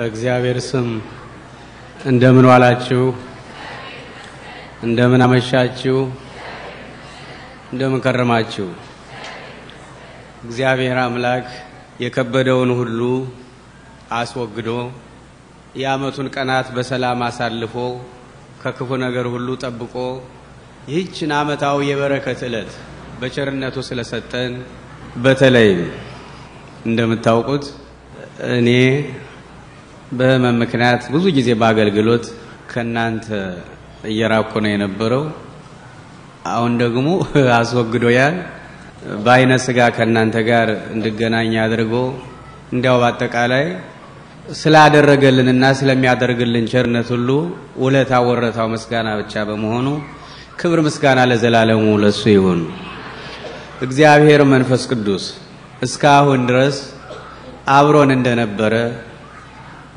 በእግዚአብሔር ስም እንደምን ዋላችሁ? እንደምን አመሻችሁ? እንደምን ከረማችሁ? እግዚአብሔር አምላክ የከበደውን ሁሉ አስወግዶ የዓመቱን ቀናት በሰላም አሳልፎ ከክፉ ነገር ሁሉ ጠብቆ ይህችን ዓመታዊ የበረከት ዕለት በቸርነቱ ስለሰጠን በተለይም እንደምታውቁት እኔ በህመም ምክንያት ብዙ ጊዜ በአገልግሎት ከእናንተ እየራኩ ነው የነበረው። አሁን ደግሞ አስወግዶያል። በአይነ ስጋ ከእናንተ ጋር እንድገናኝ አድርጎ እንዲያው በአጠቃላይ ስላደረገልንና ስለሚያደርግልን ቸርነት ሁሉ ውለታ ወረታው ምስጋና ብቻ በመሆኑ ክብር ምስጋና ለዘላለሙ ለሱ ይሁን። እግዚአብሔር መንፈስ ቅዱስ እስካሁን ድረስ አብሮን እንደነበረ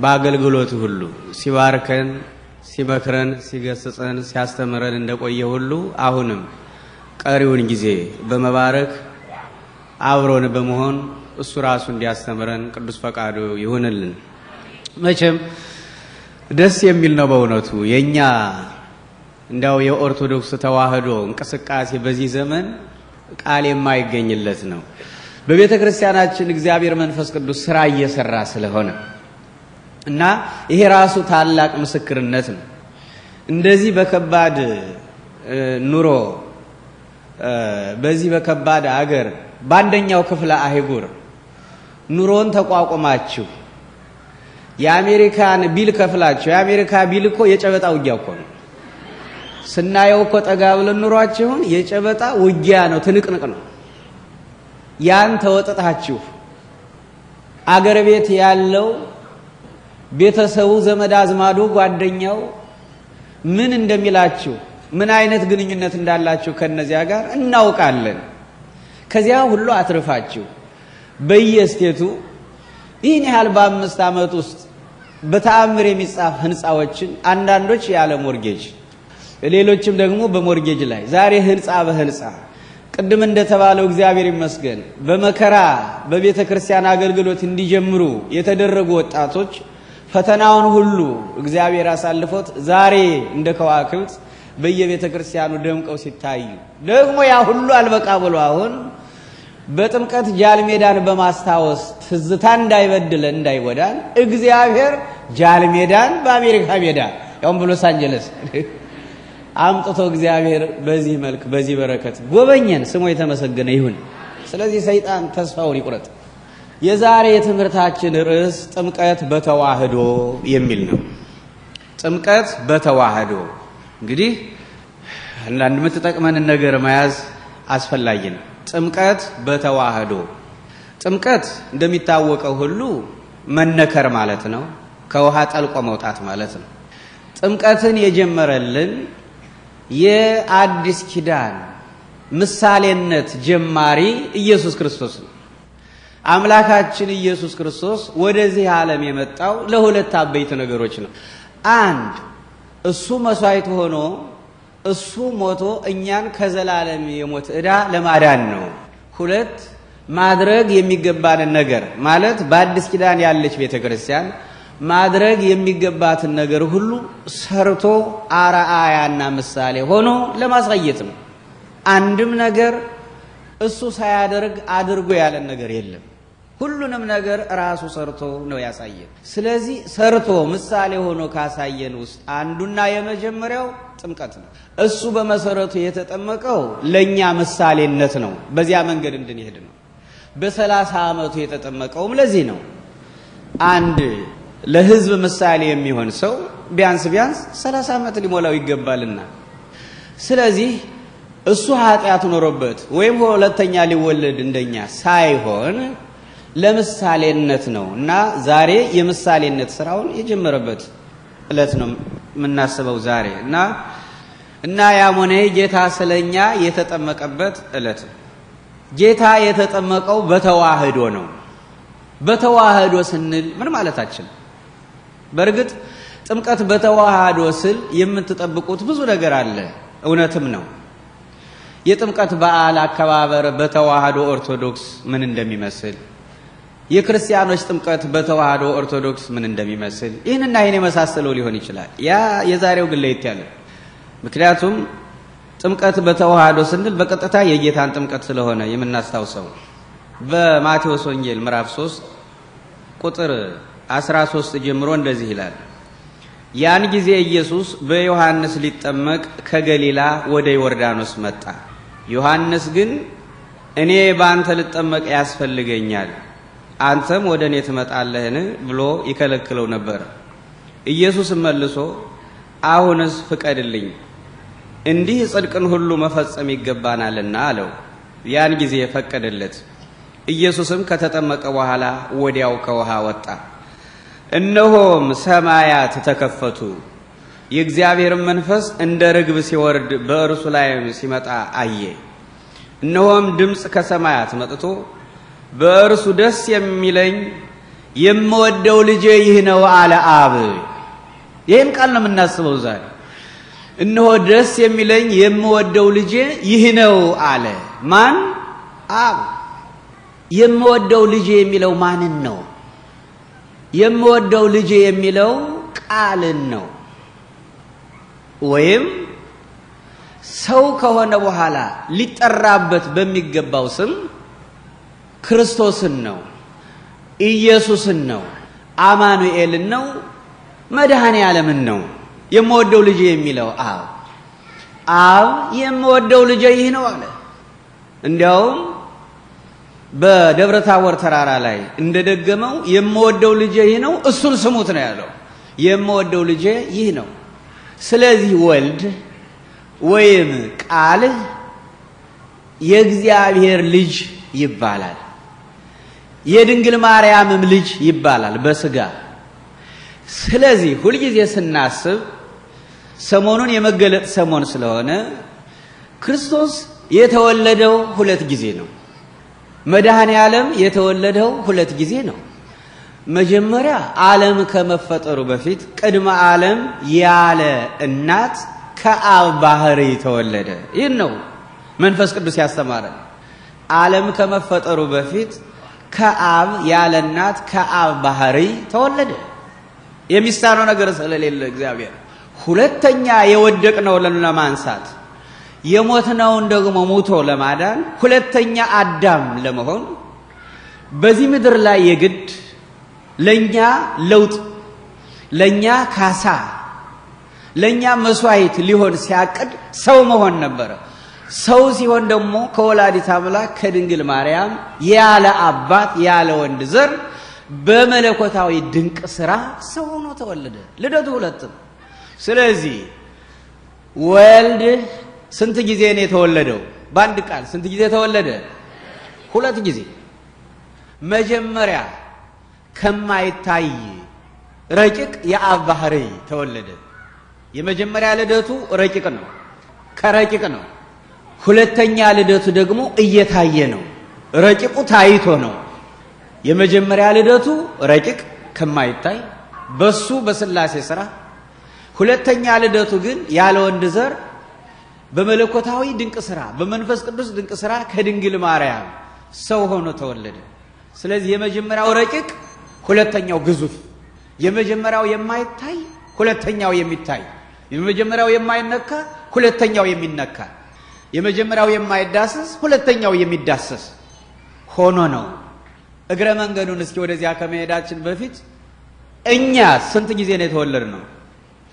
በአገልግሎት ሁሉ ሲባርከን፣ ሲመክረን፣ ሲገስጸን፣ ሲያስተምረን እንደቆየ ሁሉ አሁንም ቀሪውን ጊዜ በመባረክ አብሮን በመሆን እሱ ራሱ እንዲያስተምረን ቅዱስ ፈቃዱ ይሁንልን። መቼም ደስ የሚል ነው በእውነቱ የእኛ እንዲያው የኦርቶዶክስ ተዋህዶ እንቅስቃሴ በዚህ ዘመን ቃል የማይገኝለት ነው። በቤተ ክርስቲያናችን እግዚአብሔር መንፈስ ቅዱስ ስራ እየሰራ ስለሆነ እና ይሄ ራሱ ታላቅ ምስክርነት ነው። እንደዚህ በከባድ ኑሮ በዚህ በከባድ አገር በአንደኛው ክፍለ አህጉር ኑሮን ተቋቁማችሁ የአሜሪካን ቢል ከፍላችሁ የአሜሪካ ቢል እኮ የጨበጣ ውጊያ እኮ ነው። ስናየው እኮ ጠጋ ብለን ኑሯችሁን የጨበጣ ውጊያ ነው፣ ትንቅንቅ ነው። ያን ተወጥታችሁ አገር ቤት ያለው ቤተሰቡ፣ ዘመድ አዝማዱ፣ ጓደኛው ምን እንደሚላችሁ ምን አይነት ግንኙነት እንዳላችሁ ከነዚያ ጋር እናውቃለን። ከዚያ ሁሉ አትርፋችሁ በየስቴቱ ይህን ያህል በአምስት ዓመት ውስጥ በተአምር የሚጻፍ ህንፃዎችን አንዳንዶች ያለ ሞርጌጅ፣ ሌሎችም ደግሞ በሞርጌጅ ላይ ዛሬ ህንፃ በህንፃ ቅድም እንደተባለው እግዚአብሔር ይመስገን በመከራ በቤተ ክርስቲያን አገልግሎት እንዲጀምሩ የተደረጉ ወጣቶች ፈተናውን ሁሉ እግዚአብሔር አሳልፎት ዛሬ እንደ ከዋክብት በየቤተ ክርስቲያኑ ደምቀው ሲታዩ ደግሞ ያ ሁሉ አልበቃ ብሎ አሁን በጥምቀት ጃልሜዳን በማስታወስ ትዝታ እንዳይበድለን እንዳይጎዳን እግዚአብሔር ጃልሜዳን በአሜሪካ ሜዳ ያውም በሎስ አንጀለስ አምጥቶ እግዚአብሔር በዚህ መልክ በዚህ በረከት ጎበኘን። ስሙ የተመሰገነ ይሁን። ስለዚህ ሰይጣን ተስፋውን ይቁረጥ። የዛሬ የትምህርታችን ርዕስ ጥምቀት በተዋህዶ የሚል ነው። ጥምቀት በተዋህዶ እንግዲህ አንዳንድ የምትጠቅመንን ነገር መያዝ አስፈላጊ ነው። ጥምቀት በተዋህዶ ጥምቀት እንደሚታወቀው ሁሉ መነከር ማለት ነው። ከውሃ ጠልቆ መውጣት ማለት ነው። ጥምቀትን የጀመረልን የአዲስ ኪዳን ምሳሌነት ጀማሪ ኢየሱስ ክርስቶስ ነው። አምላካችን ኢየሱስ ክርስቶስ ወደዚህ ዓለም የመጣው ለሁለት አበይት ነገሮች ነው። አንድ እሱ መስዋዕት ሆኖ እሱ ሞቶ እኛን ከዘላለም የሞት ዕዳ ለማዳን ነው። ሁለት ማድረግ የሚገባንን ነገር ማለት በአዲስ ኪዳን ያለች ቤተ ክርስቲያን ማድረግ የሚገባትን ነገር ሁሉ ሰርቶ አርአያና ምሳሌ ሆኖ ለማሳየት ነው። አንድም ነገር እሱ ሳያደርግ አድርጎ ያለን ነገር የለም። ሁሉንም ነገር ራሱ ሰርቶ ነው ያሳየን። ስለዚህ ሰርቶ ምሳሌ ሆኖ ካሳየን ውስጥ አንዱና የመጀመሪያው ጥምቀት ነው። እሱ በመሰረቱ የተጠመቀው ለእኛ ምሳሌነት ነው። በዚያ መንገድ እንድንሄድ ነው። በሰላሳ ዓመቱ የተጠመቀውም ለዚህ ነው። አንድ ለህዝብ ምሳሌ የሚሆን ሰው ቢያንስ ቢያንስ ሰላሳ ዓመት ሊሞላው ይገባልና ስለዚህ እሱ ኃጢአት ኖሮበት ወይም ሁለተኛ ሊወለድ እንደኛ ሳይሆን ለምሳሌነት ነው እና ዛሬ የምሳሌነት ስራውን የጀመረበት እለት ነው የምናስበው ዛሬ እና እና ያሞኔ ጌታ ስለኛ የተጠመቀበት እለት ነው። ጌታ የተጠመቀው በተዋህዶ ነው። በተዋህዶ ስንል ምን ማለታችን? በእርግጥ ጥምቀት በተዋህዶ ስል የምትጠብቁት ብዙ ነገር አለ፣ እውነትም ነው። የጥምቀት በዓል አከባበር በተዋህዶ ኦርቶዶክስ ምን እንደሚመስል የክርስቲያኖች ጥምቀት በተዋህዶ ኦርቶዶክስ ምን እንደሚመስል ይህንና ይህን የመሳሰለው ሊሆን ይችላል። ያ የዛሬው ግን ለየት ያለ ምክንያቱም ጥምቀት በተዋህዶ ስንል በቀጥታ የጌታን ጥምቀት ስለሆነ የምናስታውሰው በማቴዎስ ወንጌል ምዕራፍ 3 ቁጥር 13 ጀምሮ እንደዚህ ይላል። ያን ጊዜ ኢየሱስ በዮሐንስ ሊጠመቅ ከገሊላ ወደ ዮርዳኖስ መጣ። ዮሐንስ ግን እኔ በአንተ ልጠመቅ ያስፈልገኛል አንተም ወደ እኔ ትመጣለህን ብሎ ይከለክለው ነበር። ኢየሱስም መልሶ አሁንስ ፍቀድልኝ፣ እንዲህ ጽድቅን ሁሉ መፈጸም ይገባናልና አለው። ያን ጊዜ ፈቀደለት። ኢየሱስም ከተጠመቀ በኋላ ወዲያው ከውሃ ወጣ። እነሆም ሰማያት ተከፈቱ፣ የእግዚአብሔር መንፈስ እንደ ርግብ ሲወርድ በእርሱ ላይም ሲመጣ አየ። እነሆም ድምፅ ከሰማያት መጥቶ በእርሱ ደስ የሚለኝ የምወደው ልጄ ይህ ነው አለ አብ። ይህን ቃል ነው የምናስበው ዛሬ። እነሆ ደስ የሚለኝ የምወደው ልጄ ይህ ነው አለ። ማን? አብ። የምወደው ልጄ የሚለው ማንን ነው? የምወደው ልጄ የሚለው ቃልን ነው። ወይም ሰው ከሆነ በኋላ ሊጠራበት በሚገባው ስም ክርስቶስን ነው፣ ኢየሱስን ነው፣ አማኑኤልን ነው፣ መድኃኔ ዓለምን ነው የምወደው ልጅ የሚለው አብ አብ የምወደው ልጅ ይህ ነው አለ። እንዲያውም በደብረ ታቦር ተራራ ላይ እንደደገመው የምወደው ልጄ ይህ ነው፣ እሱን ስሙት ነው ያለው። የምወደው ልጄ ይህ ነው። ስለዚህ ወልድ ወይም ቃል የእግዚአብሔር ልጅ ይባላል። የድንግል ማርያምም ልጅ ይባላል በስጋ። ስለዚህ ሁልጊዜ ስናስብ ሰሞኑን የመገለጥ ሰሞን ስለሆነ ክርስቶስ የተወለደው ሁለት ጊዜ ነው። መድኃኔ ዓለም የተወለደው ሁለት ጊዜ ነው። መጀመሪያ ዓለም ከመፈጠሩ በፊት ቅድመ ዓለም ያለ እናት ከአብ ባህር ተወለደ። ይህን ነው መንፈስ ቅዱስ ያስተማረ። ዓለም ከመፈጠሩ በፊት ከአብ ያለ እናት ከአብ ባህሪ ተወለደ። የሚሳነው ነገር ስለሌለ እግዚአብሔር ሁለተኛ የወደቅነው ለማንሳት የሞትነውን ደግሞ ሙቶ ለማዳን ሁለተኛ አዳም ለመሆን በዚህ ምድር ላይ የግድ ለኛ ለውጥ፣ ለኛ ካሳ፣ ለኛ መስዋዕት ሊሆን ሲያቅድ ሰው መሆን ነበረ። ሰው ሲሆን ደግሞ ከወላዲት አምላክ ከድንግል ማርያም ያለ አባት ያለ ወንድ ዘር በመለኮታዊ ድንቅ ስራ ሰው ሆኖ ተወለደ። ልደቱ ሁለት ነው። ስለዚህ ወልድ ስንት ጊዜ ነው የተወለደው? በአንድ ቃል ስንት ጊዜ ተወለደ? ሁለት ጊዜ። መጀመሪያ ከማይታይ ረቂቅ የአብ ባህርይ ተወለደ። የመጀመሪያ ልደቱ ረቂቅ ነው፣ ከረቂቅ ነው ሁለተኛ ልደቱ ደግሞ እየታየ ነው። ረቂቁ ታይቶ ነው። የመጀመሪያ ልደቱ ረቂቅ ከማይታይ በሱ በስላሴ ስራ፣ ሁለተኛ ልደቱ ግን ያለ ወንድ ዘር በመለኮታዊ ድንቅ ስራ፣ በመንፈስ ቅዱስ ድንቅ ስራ ከድንግል ማርያም ሰው ሆኖ ተወለደ። ስለዚህ የመጀመሪያው ረቂቅ፣ ሁለተኛው ግዙፍ። የመጀመሪያው የማይታይ፣ ሁለተኛው የሚታይ። የመጀመሪያው የማይነካ፣ ሁለተኛው የሚነካ የመጀመሪያው የማይዳሰስ ሁለተኛው የሚዳሰስ ሆኖ ነው። እግረ መንገዱን እስኪ ወደዚያ ከመሄዳችን በፊት እኛ ስንት ጊዜ ነው የተወለድ ነው?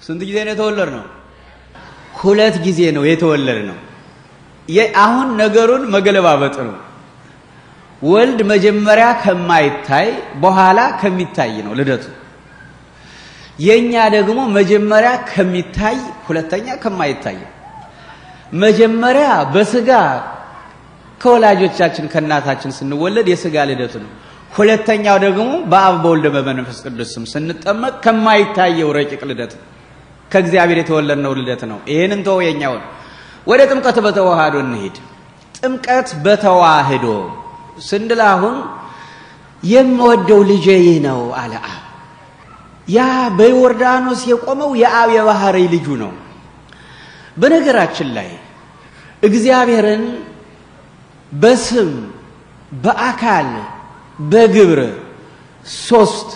ስንት ጊዜ ነው የተወለድ ነው? ሁለት ጊዜ ነው የተወለድ ነው። አሁን ነገሩን መገለባበጥ ነው። ወልድ መጀመሪያ ከማይታይ በኋላ ከሚታይ ነው ልደቱ። የእኛ ደግሞ መጀመሪያ ከሚታይ ሁለተኛ ከማይታይ መጀመሪያ በስጋ ከወላጆቻችን ከእናታችን ስንወለድ የስጋ ልደት ነው። ሁለተኛው ደግሞ በአብ በወልድ በመንፈስ ቅዱስ ስም ስንጠመቅ ከማይታየው ረቂቅ ልደት ከእግዚአብሔር የተወለድነው ልደት ነው። ይህንን ተወው፣ የኛውን ወደ ጥምቀት በተዋህዶ እንሂድ። ጥምቀት በተዋህዶ ስንል አሁን የምወደው ልጄ ይህ ነው አለ አብ። ያ በዮርዳኖስ የቆመው የአብ የባህሪ ልጁ ነው። በነገራችን ላይ እግዚአብሔርን በስም በአካል በግብር ሶስት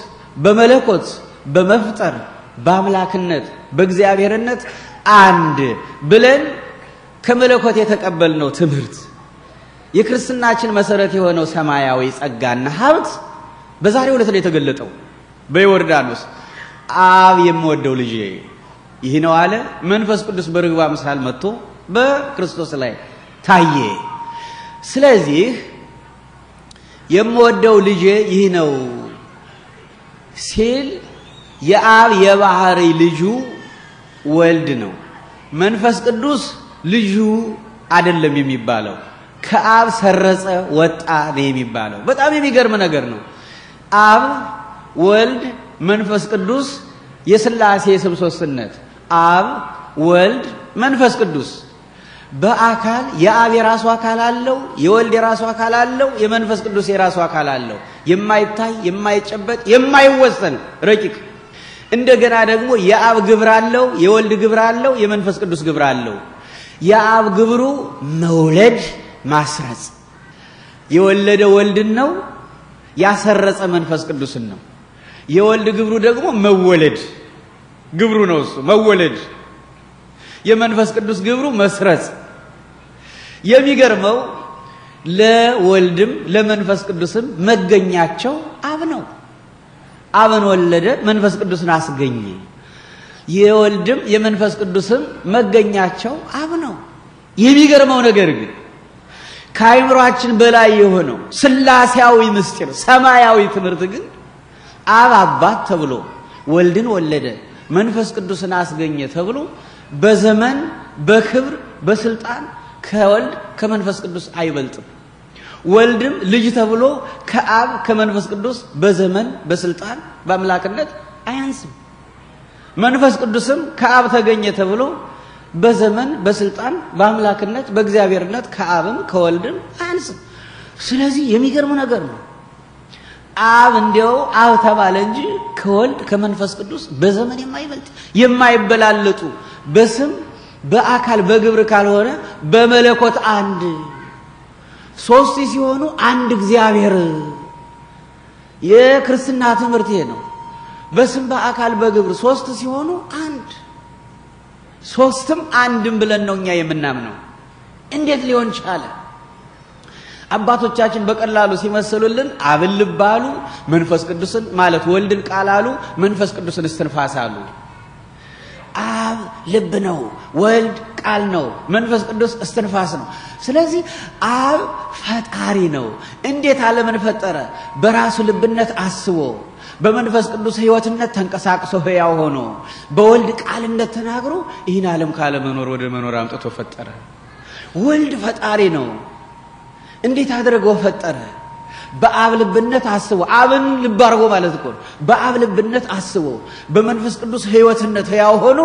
በመለኮት በመፍጠር በአምላክነት በእግዚአብሔርነት አንድ ብለን ከመለኮት የተቀበልነው ትምህርት የክርስትናችን መሰረት የሆነው ሰማያዊ ጸጋና ሀብት በዛሬው ዕለት ላይ የተገለጠው በዮርዳኖስ አብ የምወደው ልጄ ይህ ነው አለ። መንፈስ ቅዱስ በርግባ ምሳል መጥቶ በክርስቶስ ላይ ታየ። ስለዚህ የምወደው ልጄ ይህ ነው ሲል የአብ የባህሪ ልጁ ወልድ ነው። መንፈስ ቅዱስ ልጁ አይደለም የሚባለው ከአብ ሰረጸ ወጣ ነው የሚባለው። በጣም የሚገርም ነገር ነው። አብ፣ ወልድ፣ መንፈስ ቅዱስ የስላሴ ስብሶስነት አብ ወልድ መንፈስ ቅዱስ በአካል የአብ የራሱ አካል አለው፣ የወልድ የራሱ አካል አለው፣ የመንፈስ ቅዱስ የራሱ አካል አለው። የማይታይ የማይጨበጥ የማይወሰን ረቂቅ። እንደገና ደግሞ የአብ ግብር አለው፣ የወልድ ግብር አለው፣ የመንፈስ ቅዱስ ግብር አለው። የአብ ግብሩ መውለድ ማስረጽ፣ የወለደ ወልድን ነው፣ ያሰረጸ መንፈስ ቅዱስን ነው። የወልድ ግብሩ ደግሞ መወለድ ግብሩ ነው እሱ መወለድ የመንፈስ ቅዱስ ግብሩ መስረጽ የሚገርመው ለወልድም ለመንፈስ ቅዱስም መገኛቸው አብ ነው አብን ወለደ መንፈስ ቅዱስን አስገኘ የወልድም የመንፈስ ቅዱስም መገኛቸው አብ ነው የሚገርመው ነገር ግን ከአይምሯችን በላይ የሆነው ስላሴያዊ ምስጢር ሰማያዊ ትምህርት ግን አብ አባት ተብሎ ወልድን ወለደ መንፈስ ቅዱስን አስገኘ ተብሎ በዘመን በክብር በስልጣን ከወልድ ከመንፈስ ቅዱስ አይበልጥም። ወልድም ልጅ ተብሎ ከአብ ከመንፈስ ቅዱስ በዘመን በስልጣን በአምላክነት አያንስም። መንፈስ ቅዱስም ከአብ ተገኘ ተብሎ በዘመን በስልጣን በአምላክነት በእግዚአብሔርነት ከአብም ከወልድም አያንስም። ስለዚህ የሚገርም ነገር ነው። አብ እንዲያው አብ ተባለ እንጂ ከወልድ ከመንፈስ ቅዱስ በዘመን የማይበልጥ የማይበላለጡ በስም በአካል በግብር ካልሆነ በመለኮት አንድ ሶስት ሲሆኑ አንድ እግዚአብሔር። የክርስትና ትምህርት ይሄ ነው። በስም በአካል በግብር ሶስት ሲሆኑ አንድ ሶስትም አንድም ብለን ነው እኛ የምናምነው። እንዴት ሊሆን ቻለ? አባቶቻችን በቀላሉ ሲመስሉልን አብን ልብ አሉ፣ መንፈስ ቅዱስን ማለት ወልድን ቃል አሉ፣ መንፈስ ቅዱስን እስትንፋስ አሉ። አብ ልብ ነው፣ ወልድ ቃል ነው፣ መንፈስ ቅዱስ እስትንፋስ ነው። ስለዚህ አብ ፈጣሪ ነው። እንዴት ዓለምን ፈጠረ? በራሱ ልብነት አስቦ በመንፈስ ቅዱስ ሕይወትነት ተንቀሳቅሶ ሕያው ሆኖ በወልድ ቃልነት ተናግሮ ይህን ዓለም ካለመኖር ወደ መኖር አምጥቶ ፈጠረ። ወልድ ፈጣሪ ነው። እንዴት አድርጎ ፈጠረ? በአብ ልብነት አስቦ አብን ልብ አድርጎ ማለት እኮ በአብ ልብነት አስቦ በመንፈስ ቅዱስ ሕይወትነት ያው ሆኖ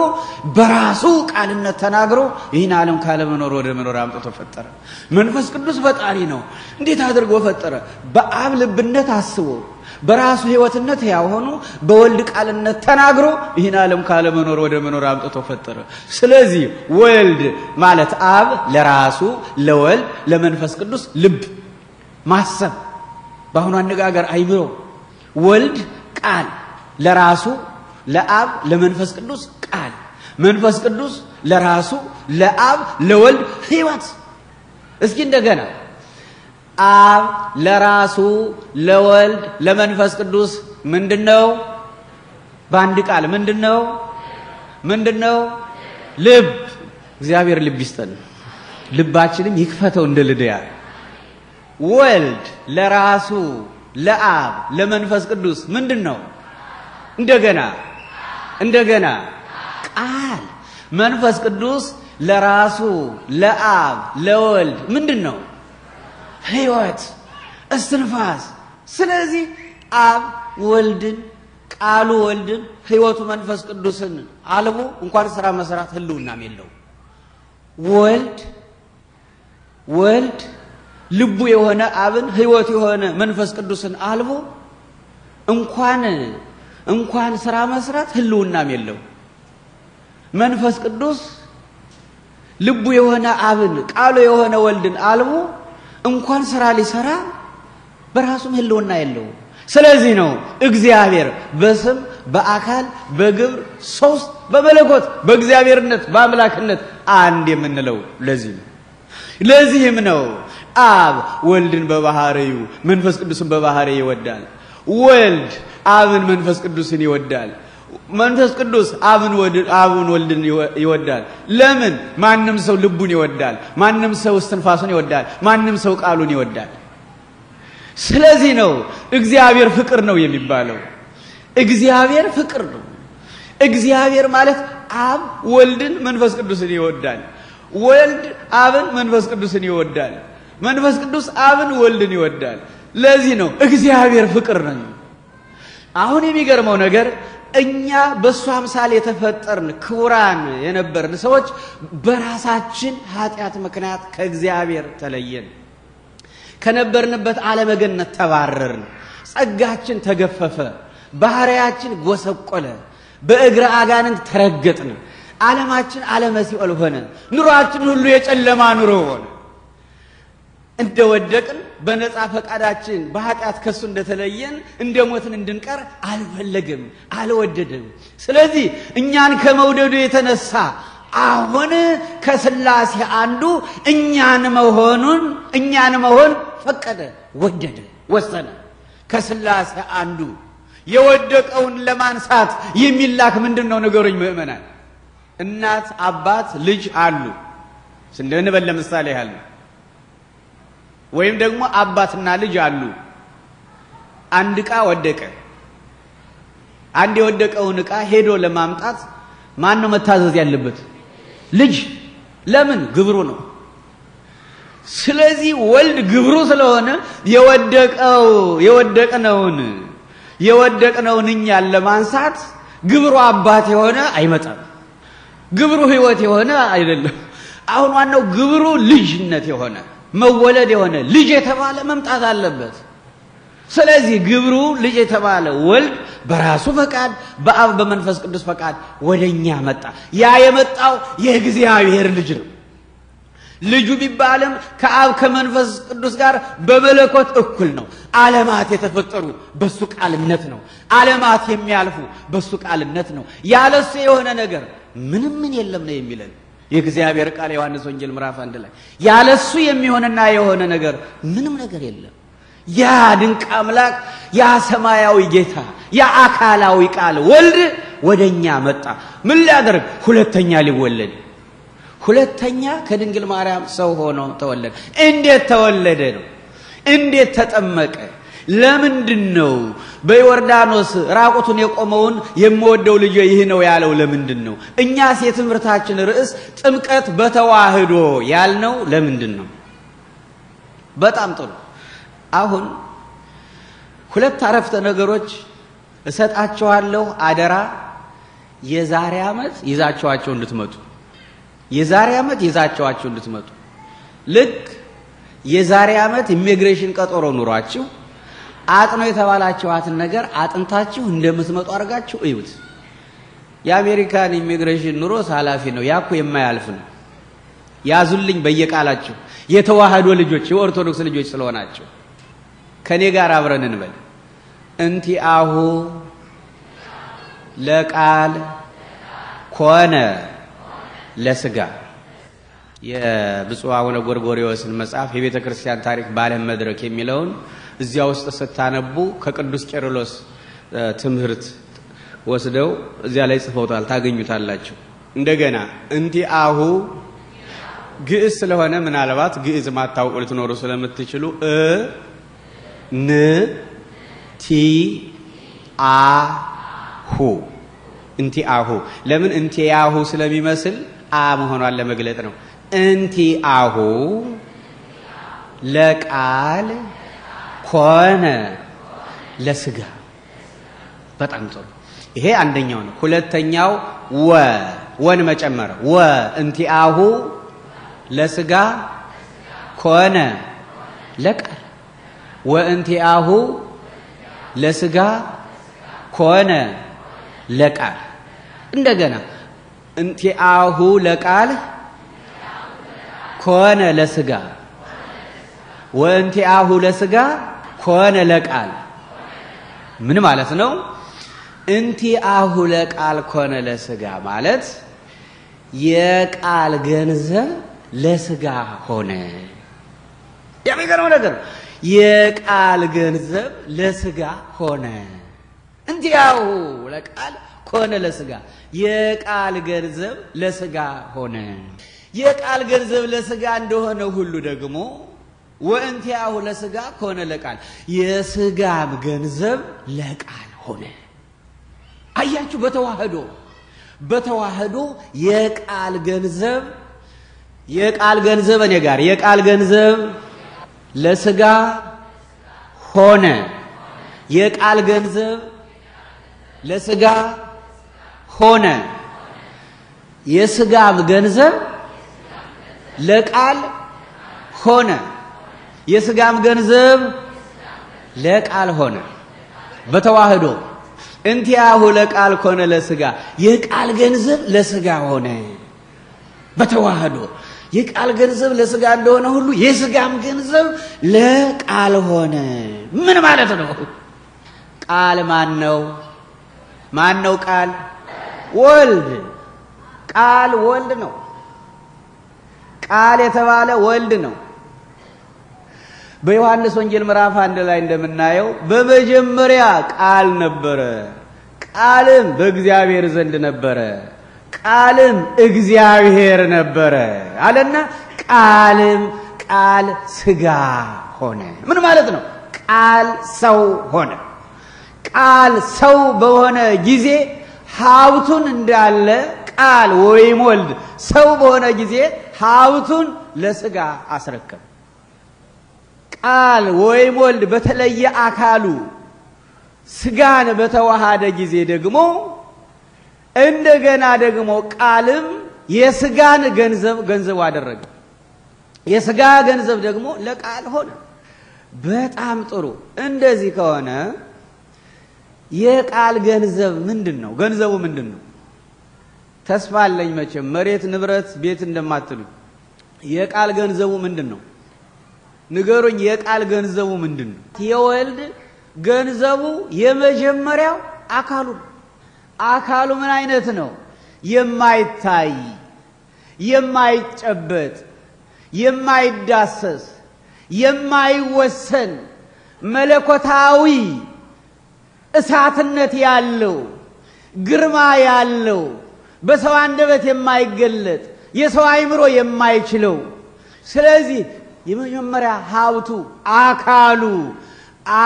በራሱ ቃልነት ተናግሮ ይህን ዓለም ካለመኖር ወደ መኖር አምጥቶ ፈጠረ። መንፈስ ቅዱስ ፈጣሪ ነው። እንዴት አድርጎ ፈጠረ? በአብ ልብነት አስቦ በራሱ ህይወትነት ያው ሆኖ በወልድ ቃልነት ተናግሮ ይህን ዓለም ካለመኖር ወደ መኖር አምጥቶ ፈጠረ። ስለዚህ ወልድ ማለት አብ ለራሱ ለወልድ ለመንፈስ ቅዱስ ልብ ማሰብ፣ በአሁኑ አነጋገር አይምሮ። ወልድ ቃል ለራሱ ለአብ ለመንፈስ ቅዱስ ቃል፣ መንፈስ ቅዱስ ለራሱ ለአብ ለወልድ ህይወት እስኪ እንደገና አብ ለራሱ ለወልድ ለመንፈስ ቅዱስ ምንድን ነው? በአንድ ቃል ምንድን ነው? ምንድን ነው? ልብ። እግዚአብሔር ልብ ይስጠን፣ ልባችንም ይክፈተው እንደ ልድያ። ወልድ ለራሱ ለአብ ለመንፈስ ቅዱስ ምንድን ነው? እንደገና እንደገና ቃል። መንፈስ ቅዱስ ለራሱ ለአብ ለወልድ ምንድን ነው? ህይወት እስትንፋስ ስለዚህ አብ ወልድን ቃሉ ወልድን ህይወቱ መንፈስ ቅዱስን አልቦ እንኳን ስራ መስራት ህልውናም የለው ወልድ ወልድ ልቡ የሆነ አብን ህይወት የሆነ መንፈስ ቅዱስን አልቦ እንኳን እንኳን ስራ መስራት ህልውናም የለው መንፈስ ቅዱስ ልቡ የሆነ አብን ቃሉ የሆነ ወልድን አልቦ እንኳን ስራ ሊሰራ በራሱም ህልውና የለው። ስለዚህ ነው እግዚአብሔር በስም በአካል በግብር ሶስት በመለኮት በእግዚአብሔርነት በአምላክነት አንድ የምንለው ለዚህ ነው። ለዚህም ነው አብ ወልድን በባህሪዩ መንፈስ ቅዱስን በባህሪ ይወዳል። ወልድ አብን መንፈስ ቅዱስን ይወዳል። መንፈስ ቅዱስ አብን ወልድን ይወዳል። ለምን? ማንም ሰው ልቡን ይወዳል። ማንም ሰው እስትንፋሱን ይወዳል። ማንም ሰው ቃሉን ይወዳል። ስለዚህ ነው እግዚአብሔር ፍቅር ነው የሚባለው። እግዚአብሔር ፍቅር ነው። እግዚአብሔር ማለት አብ ወልድን መንፈስ ቅዱስን ይወዳል። ወልድ አብን መንፈስ ቅዱስን ይወዳል። መንፈስ ቅዱስ አብን ወልድን ይወዳል። ለዚህ ነው እግዚአብሔር ፍቅር ነው። አሁን የሚገርመው ነገር እኛ በእሱ አምሳል የተፈጠርን ክቡራን የነበርን ሰዎች በራሳችን ኃጢአት ምክንያት ከእግዚአብሔር ተለየን። ከነበርንበት አለመገነት ተባረርን። ጸጋችን ተገፈፈ። ባህርያችን ጎሰቆለ። በእግረ አጋንንት ተረገጥን። ዓለማችን ዓለመ ሲኦል ሆነ። ኑሯችን ሁሉ የጨለማ ኑሮ ሆነ። እንደወደቅን በነፃ ፈቃዳችን በኃጢአት ከሱ እንደተለየን እንደ ሞትን እንድንቀር አልፈለግም፣ አልወደድም። ስለዚህ እኛን ከመውደዱ የተነሳ አሁን ከስላሴ አንዱ እኛን መሆኑን እኛን መሆን ፈቀደ፣ ወደደ፣ ወሰነ። ከስላሴ አንዱ የወደቀውን ለማንሳት የሚላክ ምንድን ነው? ነገሮኝ ምእመናን፣ እናት አባት ልጅ አሉ ስንደንበል ለምሳሌ ያህል ነው። ወይም ደግሞ አባትና ልጅ አሉ። አንድ እቃ ወደቀ። አንድ የወደቀውን እቃ ሄዶ ለማምጣት ማን ነው መታዘዝ ያለበት? ልጅ። ለምን? ግብሩ ነው። ስለዚህ ወልድ ግብሩ ስለሆነ የወደቀው የወደቅነውን የወደቅነውን እኛን ለማንሳት ግብሩ አባት የሆነ አይመጣም። ግብሩ ሕይወት የሆነ አይደለም። አሁን ዋናው ግብሩ ልጅነት የሆነ መወለድ የሆነ ልጅ የተባለ መምጣት አለበት። ስለዚህ ግብሩ ልጅ የተባለ ወልድ በራሱ ፈቃድ በአብ በመንፈስ ቅዱስ ፈቃድ ወደኛ መጣ። ያ የመጣው የእግዚአብሔር ልጅ ነው። ልጁ ቢባልም ከአብ ከመንፈስ ቅዱስ ጋር በመለኮት እኩል ነው። ዓለማት የተፈጠሩ በሱ ቃልነት ነው። ዓለማት የሚያልፉ በሱ ቃልነት ነው። ያለሱ የሆነ ነገር ምንም ምን የለም ነው የሚለን የእግዚአብሔር ቃል ዮሐንስ ወንጌል ምዕራፍ አንድ ላይ ያለሱ የሚሆንና የሆነ ነገር ምንም ነገር የለም። ያ ድንቅ አምላክ ያ ሰማያዊ ጌታ ያ አካላዊ ቃል ወልድ ወደኛ መጣ። ምን ሊያደርግ? ሁለተኛ ሊወለድ፣ ሁለተኛ ከድንግል ማርያም ሰው ሆኖ ተወለደ። እንዴት ተወለደ ነው? እንዴት ተጠመቀ ለምንድን ነው በዮርዳኖስ ራቁቱን የቆመውን የምወደው ልጅ ይህ ነው ያለው? ለምንድን ነው እኛስ የትምህርታችን ርዕስ ጥምቀት በተዋህዶ ያልነው ለምንድን ነው? በጣም ጥሩ። አሁን ሁለት አረፍተ ነገሮች እሰጣችኋለሁ አደራ። የዛሬ ዓመት ይዛችኋቸው እንድትመጡ የዛሬ ዓመት ይዛችኋቸው እንድትመጡ ልክ የዛሬ ዓመት ኢሚግሬሽን ቀጠሮ ኑሯችሁ አጥኖ የተባላችኋትን ነገር አጥንታችሁ እንደምትመጡ አድርጋችሁ እዩት። የአሜሪካን ኢሚግሬሽን ኑሮ ኃላፊ ነው። ያኮ የማያልፍ ነው። ያዙልኝ በየቃላችሁ የተዋህዶ ልጆች የኦርቶዶክስ ልጆች ስለሆናችሁ ከኔ ጋር አብረን እንበል። እንቲ አሁ ለቃል ኮነ ለስጋ የብፁዕ አቡነ ጎርጎሪዎስን መጽሐፍ የቤተ ክርስቲያን ታሪክ ባለ መድረክ የሚለውን እዚያ ውስጥ ስታነቡ ከቅዱስ ቄርሎስ ትምህርት ወስደው እዚያ ላይ ጽፈውታል፣ ታገኙታላችሁ። እንደገና እንቲ አሁ ግዕዝ ስለሆነ ምናልባት ግዕዝ ማታውቁ ልትኖሩ ስለምትችሉ እ ን ቲ አ ሁ እንቲ አሁ ለምን እንቲ ያሁ ስለሚመስል አ መሆኗን ለመግለጥ ነው። እንቲ አሁ ለቃል ሆነ ለስጋ በጣም ጥሩ። ይሄ አንደኛው ነው። ሁለተኛው ወ ወን መጨመር ወ እንቲአሁ ለስጋ ኮነ ለቃል ወእንቲአሁ ለስጋ ኮነ ለቃል እንደገና እንቲአሁ ለቃል ኮነ ለስጋ ወእንቲአሁ ለስጋ ኮነ ለቃል ምን ማለት ነው? እንቲ አሁ ለቃል ኮነ ለስጋ ማለት የቃል ገንዘብ ለስጋ ሆነ። የሚገርመው ነገር የቃል ገንዘብ ለስጋ ሆነ። እንቲ አሁ ለቃል ኮነ ለስጋ የቃል ገንዘብ ለስጋ ሆነ። የቃል ገንዘብ ለስጋ እንደሆነ ሁሉ ደግሞ ወእንቲያሁ ለስጋ ከሆነ ለቃል የስጋም ገንዘብ ለቃል ሆነ። አያችሁ፣ በተዋህዶ በተዋህዶ የቃል ገንዘብ የቃል ገንዘብ እኔ ጋር የቃል ገንዘብ ለስጋ ሆነ። የቃል ገንዘብ ለስጋ ሆነ። የስጋም ገንዘብ ለቃል ሆነ። የስጋም ገንዘብ ለቃል ሆነ በተዋህዶ እንቲያሁ ለቃል ኮነ ለስጋ የቃል ገንዘብ ለስጋ ሆነ በተዋህዶ የቃል ገንዘብ ለስጋ እንደሆነ ሁሉ የስጋም ገንዘብ ለቃል ሆነ። ምን ማለት ነው? ቃል ማን ነው? ማን ነው ቃል? ወልድ። ቃል ወልድ ነው። ቃል የተባለ ወልድ ነው። በዮሐንስ ወንጌል ምዕራፍ አንድ ላይ እንደምናየው በመጀመሪያ ቃል ነበረ፣ ቃልም በእግዚአብሔር ዘንድ ነበረ፣ ቃልም እግዚአብሔር ነበረ አለና ቃልም ቃል ስጋ ሆነ። ምን ማለት ነው? ቃል ሰው ሆነ። ቃል ሰው በሆነ ጊዜ ሀብቱን እንዳለ ቃል ወይም ወልድ ሰው በሆነ ጊዜ ሀብቱን ለስጋ አስረከበ። ቃል ወይም ወልድ በተለየ አካሉ ስጋን በተዋሃደ ጊዜ ደግሞ እንደገና ደግሞ ቃልም የስጋን ገንዘብ ገንዘቡ አደረገ። የስጋ ገንዘብ ደግሞ ለቃል ሆነ። በጣም ጥሩ። እንደዚህ ከሆነ የቃል ገንዘብ ምንድን ነው? ገንዘቡ ምንድን ነው? ተስፋ አለኝ መቼም መሬት፣ ንብረት፣ ቤት እንደማትሉ የቃል ገንዘቡ ምንድን ነው? ንገሩኝ፣ የቃል ገንዘቡ ምንድን ነው? የወልድ ገንዘቡ የመጀመሪያው አካሉ አካሉ ምን አይነት ነው? የማይታይ የማይጨበጥ የማይዳሰስ የማይወሰን መለኮታዊ እሳትነት ያለው ግርማ ያለው በሰው አንደበት የማይገለጥ የሰው አይምሮ የማይችለው ስለዚህ የመጀመሪያ ሀብቱ አካሉ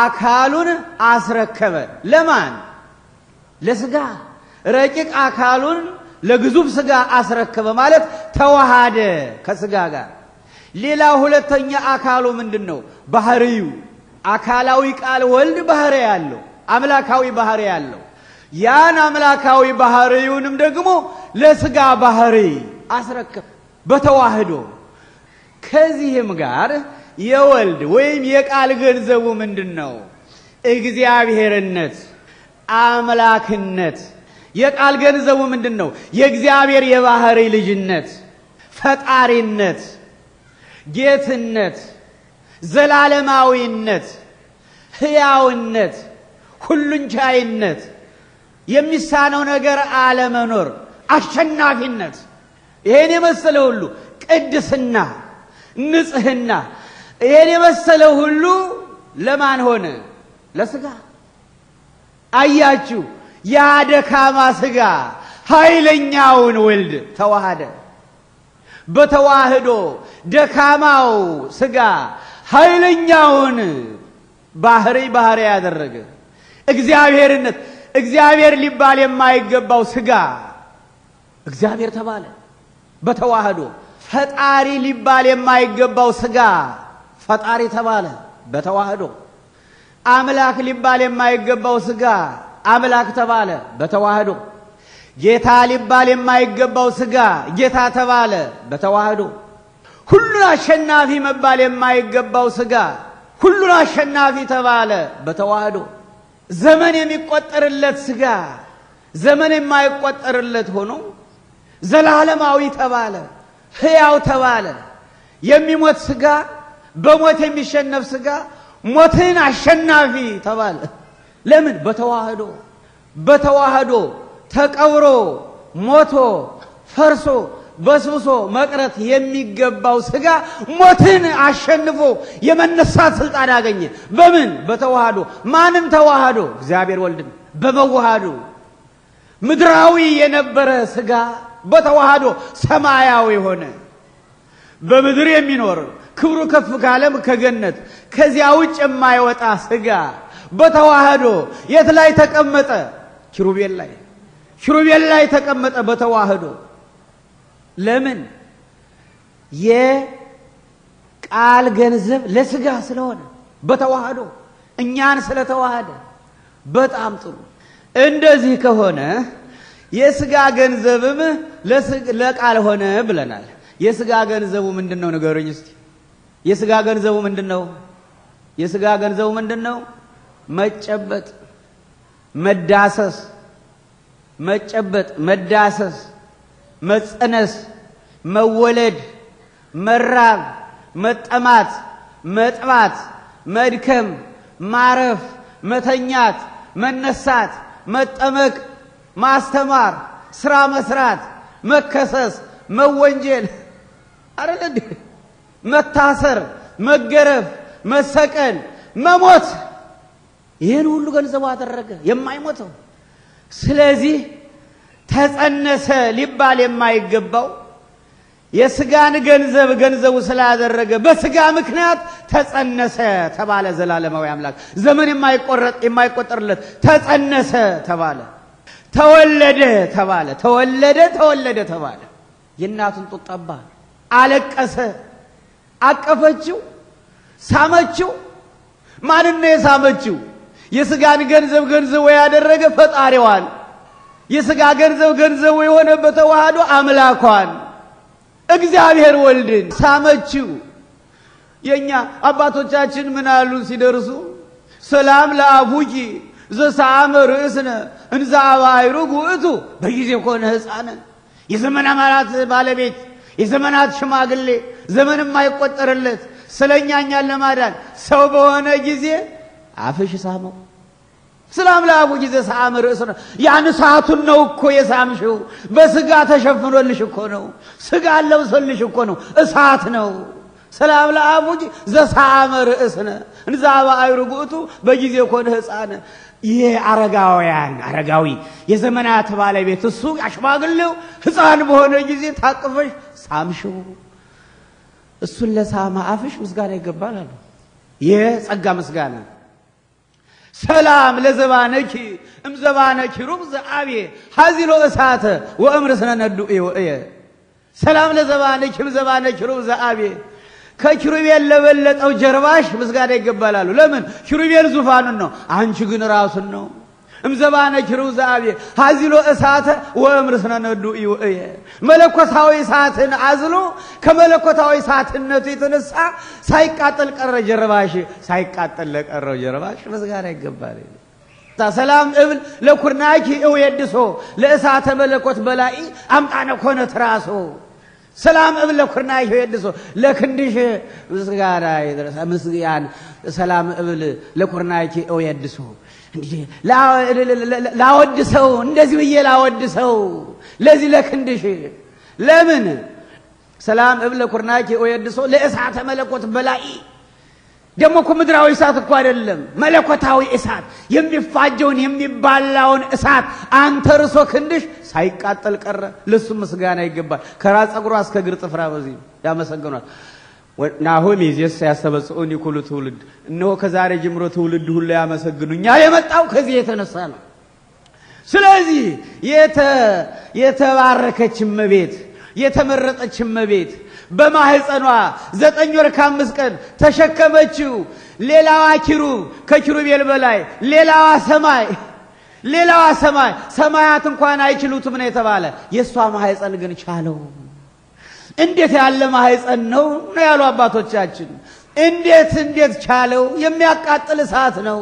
አካሉን አስረከበ። ለማን? ለስጋ ረቂቅ አካሉን ለግዙፍ ስጋ አስረከበ ማለት ተዋሃደ ከስጋ ጋር። ሌላ ሁለተኛ አካሉ ምንድን ነው? ባህሪዩ አካላዊ ቃል ወልድ ባህሪ ያለው አምላካዊ ባህር ያለው ያን አምላካዊ ባህሪውንም ደግሞ ለስጋ ባህሪ አስረከበ በተዋህዶ ከዚህም ጋር የወልድ ወይም የቃል ገንዘቡ ምንድን ነው? እግዚአብሔርነት፣ አምላክነት። የቃል ገንዘቡ ምንድን ነው? የእግዚአብሔር የባህሪ ልጅነት፣ ፈጣሪነት፣ ጌትነት፣ ዘላለማዊነት፣ ሕያውነት፣ ሁሉን ቻይነት፣ የሚሳነው ነገር አለመኖር፣ አሸናፊነት፣ ይሄን የመሰለ ሁሉ ቅድስና ንጽህና ይሄን የመሰለው ሁሉ ለማን ሆነ? ለስጋ። አያችሁ፣ ያ ደካማ ስጋ ኃይለኛውን ወልድ ተዋሃደ። በተዋህዶ ደካማው ስጋ ኃይለኛውን ባህሪ ባህሪ ያደረገ እግዚአብሔርነት እግዚአብሔር ሊባል የማይገባው ስጋ እግዚአብሔር ተባለ በተዋህዶ ፈጣሪ ሊባል የማይገባው ስጋ ፈጣሪ ተባለ በተዋህዶ። አምላክ ሊባል የማይገባው ስጋ አምላክ ተባለ በተዋህዶ። ጌታ ሊባል የማይገባው ስጋ ጌታ ተባለ በተዋህዶ። ሁሉን አሸናፊ መባል የማይገባው ስጋ ሁሉን አሸናፊ ተባለ በተዋህዶ። ዘመን የሚቆጠርለት ስጋ ዘመን የማይቆጠርለት ሆኖ ዘላለማዊ ተባለ ህያው ተባለ። የሚሞት ስጋ በሞት የሚሸነፍ ስጋ ሞትን አሸናፊ ተባለ። ለምን? በተዋህዶ በተዋህዶ ተቀብሮ ሞቶ ፈርሶ በስብሶ መቅረት የሚገባው ስጋ ሞትን አሸንፎ የመነሳት ስልጣን አገኘ። በምን? በተዋህዶ ማንን ተዋህዶ? እግዚአብሔር ወልድን በመዋሃዱ ምድራዊ የነበረ ስጋ በተዋህዶ ሰማያዊ ሆነ። በምድር የሚኖር ክብሩ ከፍ ካለም ከገነት ከዚያ ውጭ የማይወጣ ስጋ በተዋህዶ የት ላይ ተቀመጠ? ኪሩቤል ላይ ኪሩቤል ላይ ተቀመጠ በተዋህዶ ለምን? የቃል ገንዘብ ለስጋ ስለሆነ በተዋህዶ እኛን ስለተዋህደ። በጣም ጥሩ። እንደዚህ ከሆነ የስጋ ገንዘብም ለቃል ሆነ ብለናል። የስጋ ገንዘቡ ምንድን ነው ንገሩኝ እስቲ። የስጋ ገንዘቡ ምንድን ነው? የስጋ ገንዘቡ ምንድን ነው? መጨበጥ፣ መዳሰስ፣ መጨበጥ፣ መዳሰስ፣ መጸነስ፣ መወለድ፣ መራብ፣ መጠማት፣ መጥባት፣ መድከም፣ ማረፍ፣ መተኛት፣ መነሳት፣ መጠመቅ ማስተማር፣ ስራ መስራት፣ መከሰስ፣ መወንጀል አይደል እንዴ? መታሰር፣ መገረፍ፣ መሰቀል፣ መሞት ይህን ሁሉ ገንዘቡ አደረገ የማይሞተው። ስለዚህ ተጸነሰ ሊባል የማይገባው የስጋን ገንዘብ ገንዘቡ ስላደረገ በስጋ ምክንያት ተጸነሰ ተባለ። ዘላለማዊ አምላክ ዘመን የማይቆረጥ የማይቆጠርለት ተጸነሰ ተባለ። ተወለደ ተባለ፣ ተወለደ ተወለደ ተባለ። የእናቱን ጡት ጠባ፣ አለቀሰ፣ አቀፈችው፣ ሳመችው። ማንን ነው የሳመችው? የስጋን ገንዘብ ገንዘቡ ያደረገ ፈጣሪዋን፣ የስጋ ገንዘብ ገንዘቡ የሆነ በተዋህዶ አምላኳን እግዚአብሔር ወልድን ሳመችው። የእኛ አባቶቻችን ምን አሉ ሲደርሱ ሰላም ለአቡኪ ዘሳመ ርእስነ እንዛ ባይሩ በጊዜ ኮነ ህፃነ የዘመን አማራት ባለቤት የዘመናት ሽማግሌ ዘመን የማይቆጠርለት ስለ እኛ እኛን ለማዳን ሰው በሆነ ጊዜ አፍሽ ሳመው። ስለ አምላኩ ጊዜ ሳም ርእስ ነው። ያን ሰዓቱን ነው እኮ የሳምሽው። በስጋ ተሸፍኖልሽ እኮ ነው። ስጋ ለብሶልሽ እኮ ነው። እሳት ነው። ስለ አምላኩ ዘሳመ ርእስነ እንዛ በአይሩ ጉእቱ በጊዜ ኮነ ህፃነ ይሄ አረጋውያን አረጋዊ የዘመናት ባለቤት እሱ አሽማግሌው ሕፃን በሆነ ጊዜ ታቅፈሽ ሳምሽው እሱን ለሳማ አፍሽ ምስጋና ይገባል አሉ። የጸጋ ምስጋና ሰላም ለዘባነኪ እምዘባነኪ ሩብ ዘአቤ ሀዚሎ እሳተ ወእምር ስነነዱ ወእየ ሰላም ለዘባነኪ እምዘባነኪ ሩብ ዘአቤ ከኪሩቤል ለበለጠው ጀርባሽ ምስጋና ይገባላሉ። ለምን? ኪሩቤል ዙፋኑን ነው፣ አንቺ ግን ራሱን ነው። እምዘባነ ኪሩብ ዘአብ ሀዚሎ እሳተ ወእምርስነ ነዱ ይውእየ መለኮታዊ እሳትን አዝሎ ከመለኮታዊ እሳትነቱ የተነሳ ሳይቃጠል ቀረ ጀርባሽ፣ ሳይቃጠል ለቀረው ጀርባሽ ምስጋና ይገባል። ሰላም እብል ለኩርናኪ እው የድሶ ለእሳተ መለኮት በላኢ አምጣነ ኮነ ትራሶ سلام ابن لكرنا يدسو لكنديش مسغارا يدرس مسغيان سلام ابن لكرنا او يدسو لا لا لا لا ودسو اندزي بي لا ودسو لذي لكنديش لمن سلام ابن لكرنا او يدسو لاسعه ملكوت بلائي ደግሞ እኮ ምድራዊ እሳት እኮ አይደለም፣ መለኮታዊ እሳት የሚፋጀውን የሚባላውን እሳት አንተ ርሶ ክንድሽ ሳይቃጠል ቀረ። ለሱ ምስጋና ይገባል። ከራስ ጸጉሯ እስከ እግር ጥፍራ በዚህ ያመሰግኗል። ናሁም ይዜስ ያስተበጽዑኒ ይኩሉ ትውልድ፣ እነሆ ከዛሬ ጀምሮ ትውልድ ሁሉ ያመሰግኑኛ። የመጣው ከዚህ የተነሳ ነው። ስለዚህ የተባረከች እመቤት የተመረጠች እመቤት በማህፀኗ ዘጠኝ ወር ከአምስት ቀን ተሸከመችው። ሌላዋ ኪሩብ ከኪሩቤል በላይ ሌላዋ ሰማይ ሌላዋ ሰማይ ሰማያት እንኳን አይችሉትም ነው የተባለ። የእሷ ማህፀን ግን ቻለው። እንዴት ያለ ማህፀን ነው ነው ያሉ አባቶቻችን። እንዴት እንዴት ቻለው? የሚያቃጥል እሳት ነው።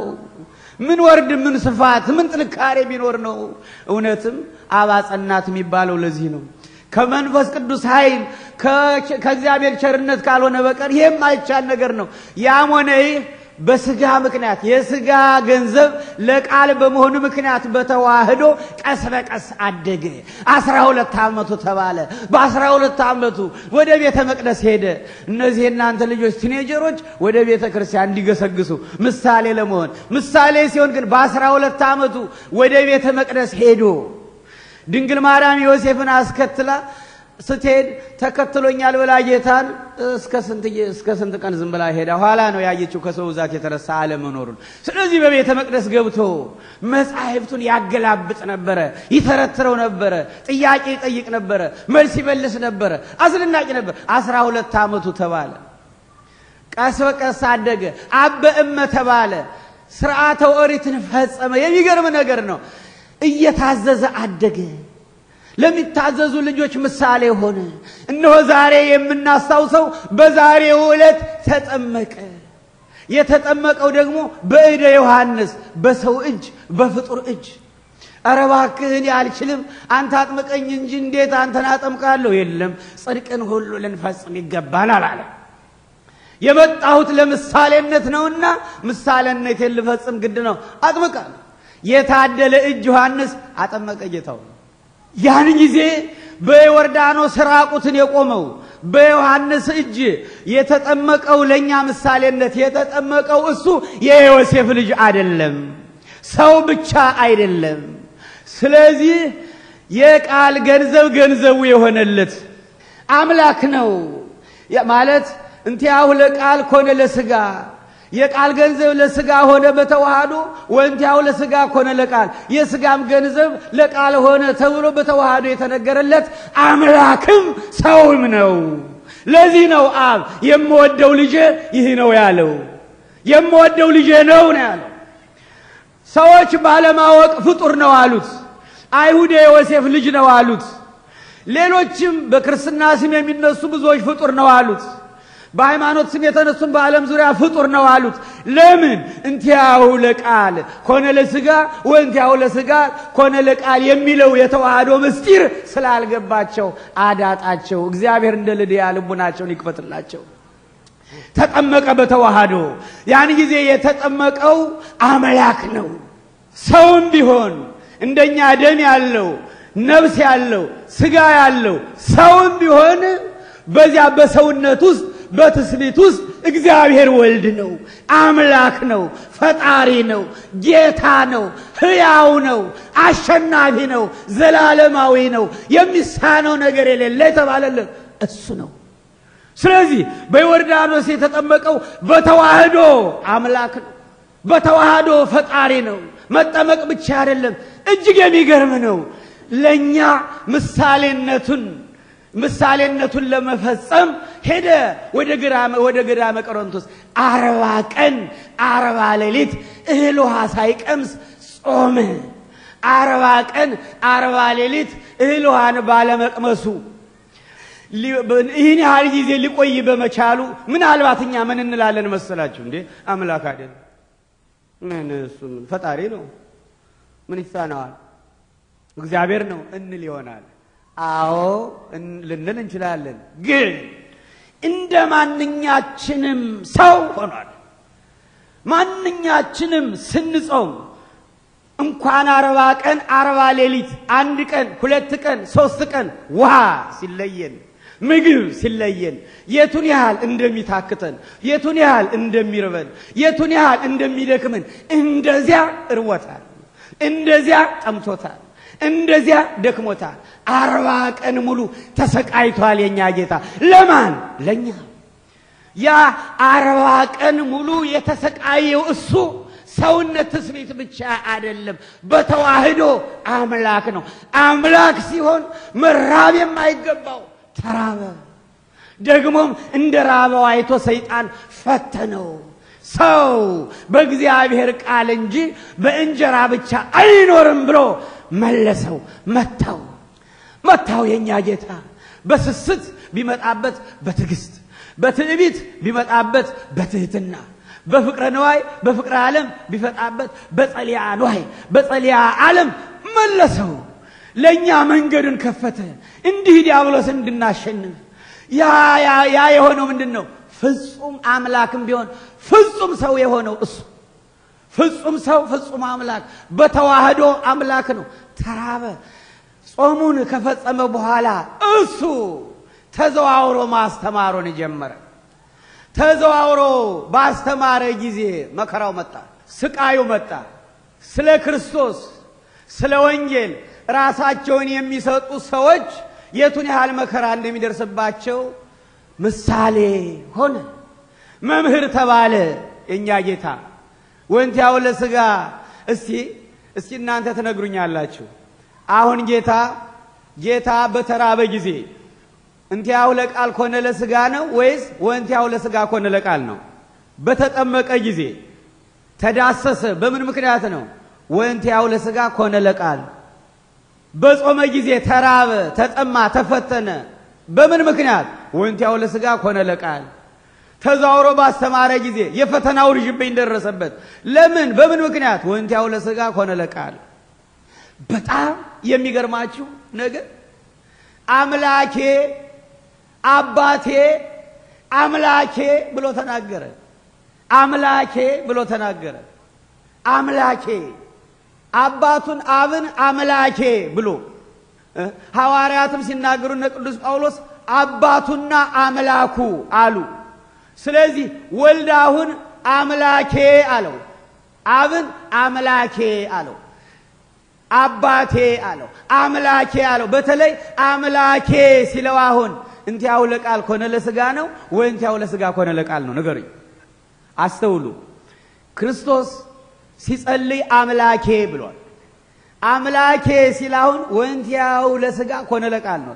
ምን ወርድ ምን ስፋት ምን ጥንካሬ ቢኖር ነው? እውነትም አባጸናት የሚባለው ለዚህ ነው። ከመንፈስ ቅዱስ ኃይል ከእግዚአብሔር ቸርነት ካልሆነ በቀር ይህ የማይቻል ነገር ነው። ያም ሆነ ይህ በስጋ ምክንያት የስጋ ገንዘብ ለቃል በመሆኑ ምክንያት በተዋህዶ ቀስ በቀስ አደገ። አስራ ሁለት ዓመቱ ተባለ። በአስራ ሁለት ዓመቱ ወደ ቤተ መቅደስ ሄደ። እነዚህ እናንተ ልጆች ቲኔጀሮች ወደ ቤተ ክርስቲያን እንዲገሰግሱ ምሳሌ ለመሆን ምሳሌ ሲሆን ግን በአስራ ሁለት ዓመቱ ወደ ቤተ መቅደስ ሄዶ ድንግል ማርያም ዮሴፍን አስከትላ ስትሄድ ተከትሎኛል ብላ ጌታን እስከ ስንት ቀን ዝም ብላ ሄዳ ኋላ ነው ያየችው ከሰው ብዛት የተነሳ አለመኖሩን። ስለዚህ በቤተ መቅደስ ገብቶ መጻሕፍቱን ያገላብጥ ነበረ፣ ይተረትረው ነበረ፣ ጥያቄ ይጠይቅ ነበረ፣ መልስ ይመልስ ነበረ። አስደናቂ ነበር። አስራ ሁለት ዓመቱ ተባለ። ቀስ በቀስ አደገ። አበ እመ ተባለ። ስርዓተ ኦሪትን ፈጸመ። የሚገርም ነገር ነው። እየታዘዘ አደገ። ለሚታዘዙ ልጆች ምሳሌ ሆነ። እነሆ ዛሬ የምናስታውሰው በዛሬው ዕለት ተጠመቀ። የተጠመቀው ደግሞ በእደ ዮሐንስ በሰው እጅ በፍጡር እጅ። ኧረ እባክህ እኔ አልችልም፣ አንተ አጥምቀኝ እንጂ እንዴት አንተን አጠምቃለሁ? የለም ጽድቅን ሁሉ ልንፈጽም ይገባናል አለ። የመጣሁት ለምሳሌነት ነውና ምሳሌነቴን ልፈጽም ግድ ነው። አጥምቃለሁ የታደለ እጅ ዮሐንስ አጠመቀ ጌታው። ያን ጊዜ በዮርዳኖስ ራቁትን የቆመው በዮሐንስ እጅ የተጠመቀው ለእኛ ምሳሌነት የተጠመቀው እሱ የዮሴፍ ልጅ አይደለም፣ ሰው ብቻ አይደለም። ስለዚህ የቃል ገንዘብ ገንዘቡ የሆነለት አምላክ ነው ማለት እንቲያሁ ለቃል ኮነ ለስጋ የቃል ገንዘብ ለስጋ ሆነ በተዋህዶ ወንቲያው ለስጋ ሆነ ለቃል የስጋም ገንዘብ ለቃል ሆነ ተብሎ በተዋህዶ የተነገረለት አምላክም ሰውም ነው። ለዚህ ነው አብ የምወደው ልጄ ይህ ነው ያለው። የምወደው ልጄ ነው ነው ያለው። ሰዎች ባለማወቅ ፍጡር ነው አሉት። አይሁድ የዮሴፍ ልጅ ነው አሉት። ሌሎችም በክርስትና ስም የሚነሱ ብዙዎች ፍጡር ነው አሉት። በሃይማኖት ስም የተነሱን በዓለም ዙሪያ ፍጡር ነው አሉት። ለምን እንቲያው ለቃል ኮነ ለስጋ ወእንቲያው ለስጋ ኮነ ለቃል የሚለው የተዋህዶ ምስጢር ስላልገባቸው አዳጣቸው። እግዚአብሔር እንደ ልድያ ልቡናቸውን ይክፈትላቸው። ተጠመቀ በተዋህዶ ያን ጊዜ የተጠመቀው አምላክ ነው። ሰውም ቢሆን እንደኛ ደም ያለው ነፍስ ያለው ስጋ ያለው ሰውም ቢሆን በዚያ በሰውነት ውስጥ በትስሊት ውስጥ እግዚአብሔር ወልድ ነው፣ አምላክ ነው፣ ፈጣሪ ነው፣ ጌታ ነው፣ ሕያው ነው፣ አሸናፊ ነው፣ ዘላለማዊ ነው፣ የሚሳነው ነገር የሌለ የተባለለት እሱ ነው። ስለዚህ በዮርዳኖስ የተጠመቀው በተዋህዶ አምላክ ነው፣ በተዋህዶ ፈጣሪ ነው። መጠመቅ ብቻ አይደለም፣ እጅግ የሚገርም ነው። ለእኛ ምሳሌነቱን ምሳሌነቱን ለመፈጸም ሄደ ወደ ገዳመ ቆሮንቶስ። አርባ ቀን አርባ ሌሊት እህል ውሃ ሳይቀምስ ጾመ። አርባ ቀን አርባ ሌሊት እህል ውሃን ባለመቅመሱ ይህን ያህል ጊዜ ሊቆይ በመቻሉ ምናልባት እኛ ምን እንላለን መሰላችሁ? እንዴ አምላክ አይደል? ምን እሱ ፈጣሪ ነው፣ ምን ይሳነዋል? እግዚአብሔር ነው እንል ይሆናል። አዎ ልንል እንችላለን። ግን እንደ ማንኛችንም ሰው ሆኗል። ማንኛችንም ስንጾም እንኳን አርባ ቀን አርባ ሌሊት አንድ ቀን ሁለት ቀን ሶስት ቀን ውሃ ሲለየን ምግብ ሲለየን የቱን ያህል እንደሚታክተን የቱን ያህል እንደሚርበን የቱን ያህል እንደሚደክመን እንደዚያ እርወታል እንደዚያ ጠምቶታል፣ እንደዚያ ደክሞታል። አርባ ቀን ሙሉ ተሰቃይቷል የኛ ጌታ። ለማን? ለእኛ። ያ አርባ ቀን ሙሉ የተሰቃየው እሱ ሰውነት ትስብእት ብቻ አይደለም፣ በተዋህዶ አምላክ ነው። አምላክ ሲሆን መራብ የማይገባው ተራበ። ደግሞም እንደ ራበው አይቶ ሰይጣን ፈተነው። ሰው በእግዚአብሔር ቃል እንጂ በእንጀራ ብቻ አይኖርም ብሎ መለሰው፣ መታው። መታው የእኛ ጌታ በስስት ቢመጣበት በትዕግስት በትዕቢት ቢመጣበት በትህትና በፍቅረ ነዋይ በፍቅረ ዓለም ቢፈጣበት በጸሊያ ነዋይ በጸሊያ ዓለም መለሰው። ለእኛ መንገዱን ከፈተ። እንዲህ ዲያብሎስ እንድናሸንፍ ያ ያ የሆነው ምንድን ነው? ፍጹም አምላክም ቢሆን ፍጹም ሰው የሆነው እሱ ፍጹም ሰው ፍጹም አምላክ በተዋህዶ አምላክ ነው። ተራበ። ጾሙን ከፈጸመ በኋላ እሱ ተዘዋውሮ ማስተማሩን ጀመረ። ተዘዋውሮ ባስተማረ ጊዜ መከራው መጣ፣ ስቃዩ መጣ። ስለ ክርስቶስ ስለ ወንጌል ራሳቸውን የሚሰጡ ሰዎች የቱን ያህል መከራ እንደሚደርስባቸው ምሳሌ ሆነ። መምህር ተባለ የእኛ ጌታ ወንቲያው ለሥጋ። እስቲ እስቲ እናንተ ትነግሩኛላችሁ አሁን ጌታ ጌታ በተራበ ጊዜ እንቲያው ለቃል ኮነ ለስጋ ነው ወይስ ወንቲያው ለስጋ ኮነ ለቃል ነው? በተጠመቀ ጊዜ ተዳሰሰ በምን ምክንያት ነው? ወንቲያው ለስጋ ኮነ ለቃል። በጾመ ጊዜ ተራበ፣ ተጠማ፣ ተፈተነ በምን ምክንያት? ወንቲያው ለስጋ ኮነ ለቃል። ተዛውሮ ባስተማረ ጊዜ የፈተናው ልጅብኝ ደረሰበት። ለምን? በምን ምክንያት? ወንቲያው ለስጋ ኮነ ለቃል። በጣም የሚገርማችሁ ነገር አምላኬ አባቴ አምላኬ ብሎ ተናገረ። አምላኬ ብሎ ተናገረ። አምላኬ አባቱን አብን አምላኬ ብሎ ሐዋርያትም ሲናገሩ እነ ቅዱስ ጳውሎስ አባቱና አምላኩ አሉ። ስለዚህ ወልድ አሁን አምላኬ አለው፣ አብን አምላኬ አለው። አባቴ አለው፣ አምላኬ አለው። በተለይ አምላኬ ሲለው አሁን እንቲያው ለቃል ኮነ ለስጋ ነው ወይ እንቲያው ለስጋ ኮነ ለቃል ነው? ንገሩኝ። አስተውሉ። ክርስቶስ ሲጸልይ አምላኬ ብሏል። አምላኬ ሲል አሁን ወንቲያው ለስጋ ኮነ ለቃል ነው።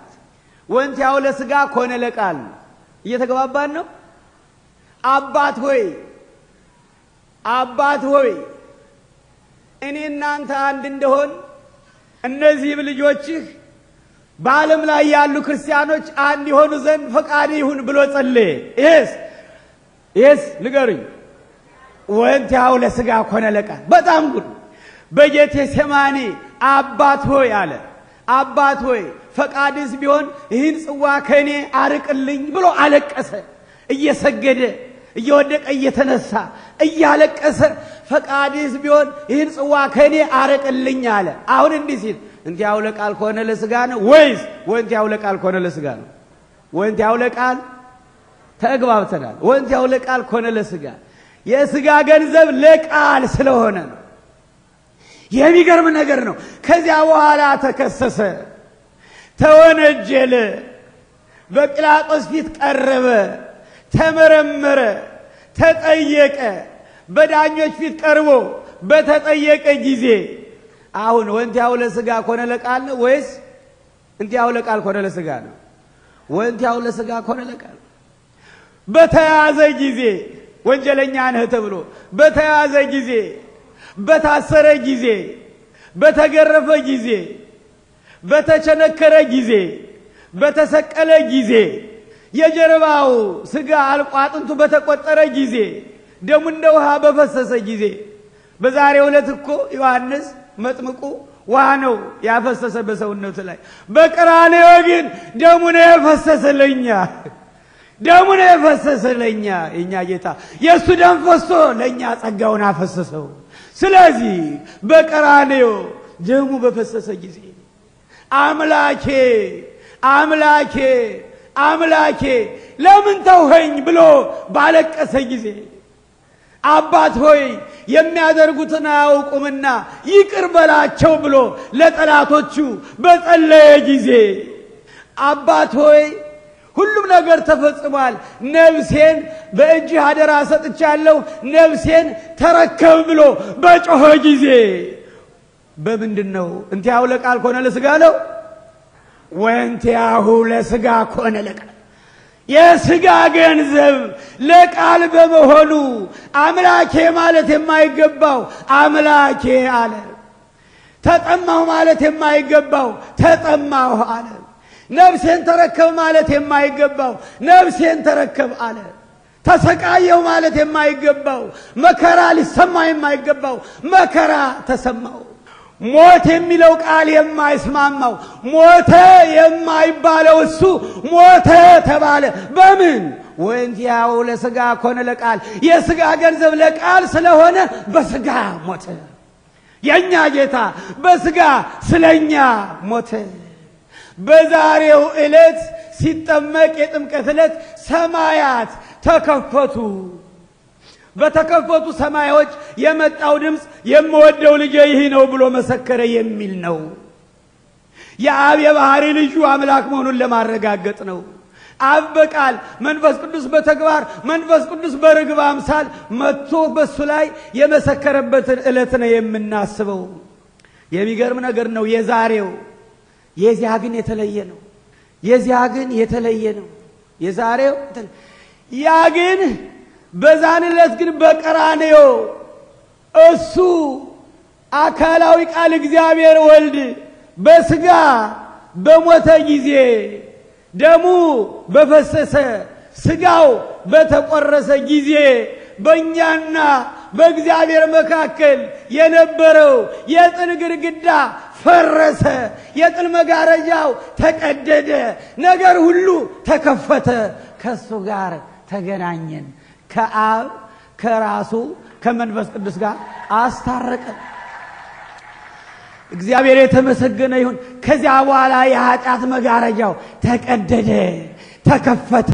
ወንቲያው ለስጋ ኮነ ለቃል ነው። እየተገባባን ነው። አባት ሆይ አባት ሆይ እኔ እናንተ አንድ እንደሆን እነዚህም ልጆችህ በዓለም ላይ ያሉ ክርስቲያኖች አንድ የሆኑ ዘንድ ፈቃድ ይሁን ብሎ ጸለየ። ይሄስ ይሄስ ንገሩኝ። ወንቲያው ለስጋ ኮነ ለቃል በጣም ጉድ በጌቴ ሴማኒ አባት ሆይ አለ። አባት ሆይ ፈቃድስ ቢሆን ይህን ጽዋ ከእኔ አርቅልኝ ብሎ አለቀሰ እየሰገደ እየወደቀ እየተነሳ እያለቀሰ ፈቃድስ ቢሆን ይህን ጽዋ ከእኔ አረቅልኝ አለ። አሁን እንዲህ ሲል እንቴ አውለ ቃል ከሆነ ለስጋ ነው ወይስ ወንቴ አውለ ቃል ከሆነ ለስጋ ነው? ወንቴ ለቃል ተግባብተናል። ወንቴ አውለ ከሆነ ለስጋ የስጋ ገንዘብ ለቃል ስለሆነ ነው። የሚገርም ነገር ነው። ከዚያ በኋላ ተከሰሰ፣ ተወነጀለ፣ በጲላጦስ ፊት ቀረበ። ተመረመረ፣ ተጠየቀ። በዳኞች ፊት ቀርቦ በተጠየቀ ጊዜ አሁን ወንቲያው ለስጋ ኮነ ለቃል ነው ወይስ እንቲያው ለቃል ኮነ ለስጋ ነው? ወንቲያው ለስጋ ኮነ ለቃል በተያዘ ጊዜ ወንጀለኛ ነህ ተብሎ በተያዘ ጊዜ፣ በታሰረ ጊዜ፣ በተገረፈ ጊዜ፣ በተቸነከረ ጊዜ፣ በተሰቀለ ጊዜ የጀርባው ስጋ አልቆ አጥንቱ በተቆጠረ ጊዜ ደሙ እንደ ውሃ በፈሰሰ ጊዜ በዛሬ ዕለት እኮ ዮሐንስ መጥምቁ ውሃ ነው ያፈሰሰ በሰውነቱ ላይ። በቀራንዮ ግን ደሙ ነው የፈሰሰ ለኛ ደሙ ነው የፈሰሰ ለኛ። የእኛ ጌታ የእሱ ደም ፈሶ ለእኛ ጸጋውን አፈሰሰው። ስለዚህ በቀራንዮ ደሙ በፈሰሰ ጊዜ አምላኬ አምላኬ አምላኬ ለምን ተውኸኝ ብሎ ባለቀሰ ጊዜ አባት ሆይ የሚያደርጉትን አያውቁምና ይቅር በላቸው ብሎ ለጠላቶቹ በጸለየ ጊዜ አባት ሆይ ሁሉም ነገር ተፈጽሟል፣ ነፍሴን በእጅህ አደራ ሰጥቻለሁ፣ ነፍሴን ተረከብ ብሎ በጮኸ ጊዜ በምንድን ነው እንቲያው ለቃል ከሆነ ለስጋ ለው ወንቲያሁ ለስጋ ኮነ ለቃል የስጋ ገንዘብ ለቃል በመሆኑ አምላኬ ማለት የማይገባው አምላኬ አለ። ተጠማሁ ማለት የማይገባው ተጠማሁ አለ። ነፍሴን ተረከብ ማለት የማይገባው ነፍሴን ተረከብ አለ። ተሰቃየው ማለት የማይገባው መከራ ሊሰማ የማይገባው መከራ ተሰማው። ሞት የሚለው ቃል የማይስማማው ሞተ የማይባለው እሱ ሞተ ተባለ። በምን ወንዚያው ለስጋ ኮነ ለቃል የስጋ ገንዘብ ለቃል ስለሆነ በስጋ ሞተ። የእኛ ጌታ በስጋ ስለኛ ሞተ። በዛሬው ዕለት ሲጠመቅ የጥምቀት ዕለት ሰማያት ተከፈቱ። በተከፈቱ ሰማዮች የመጣው ድምፅ የምወደው ልጄ ይህ ነው ብሎ መሰከረ የሚል ነው። የአብ የባህሪ ልጁ አምላክ መሆኑን ለማረጋገጥ ነው። አብ በቃል መንፈስ ቅዱስ በተግባር መንፈስ ቅዱስ በርግብ አምሳል መጥቶ በእሱ ላይ የመሰከረበትን ዕለት ነው የምናስበው። የሚገርም ነገር ነው የዛሬው። የዚያ ግን የተለየ ነው። የዚያ ግን የተለየ ነው የዛሬው ያ ግን በዛን ዕለት ግን በቀራንዮ እሱ አካላዊ ቃል እግዚአብሔር ወልድ በስጋ በሞተ ጊዜ ደሙ በፈሰሰ ስጋው በተቆረሰ ጊዜ በእኛና በእግዚአብሔር መካከል የነበረው የጥን ግድግዳ ፈረሰ። የጥን መጋረጃው ተቀደደ። ነገር ሁሉ ተከፈተ። ከእሱ ጋር ተገናኘን። ከአብ ከራሱ ከመንፈስ ቅዱስ ጋር አስታረቀ። እግዚአብሔር የተመሰገነ ይሁን። ከዚያ በኋላ የኃጢአት መጋረጃው ተቀደደ፣ ተከፈተ።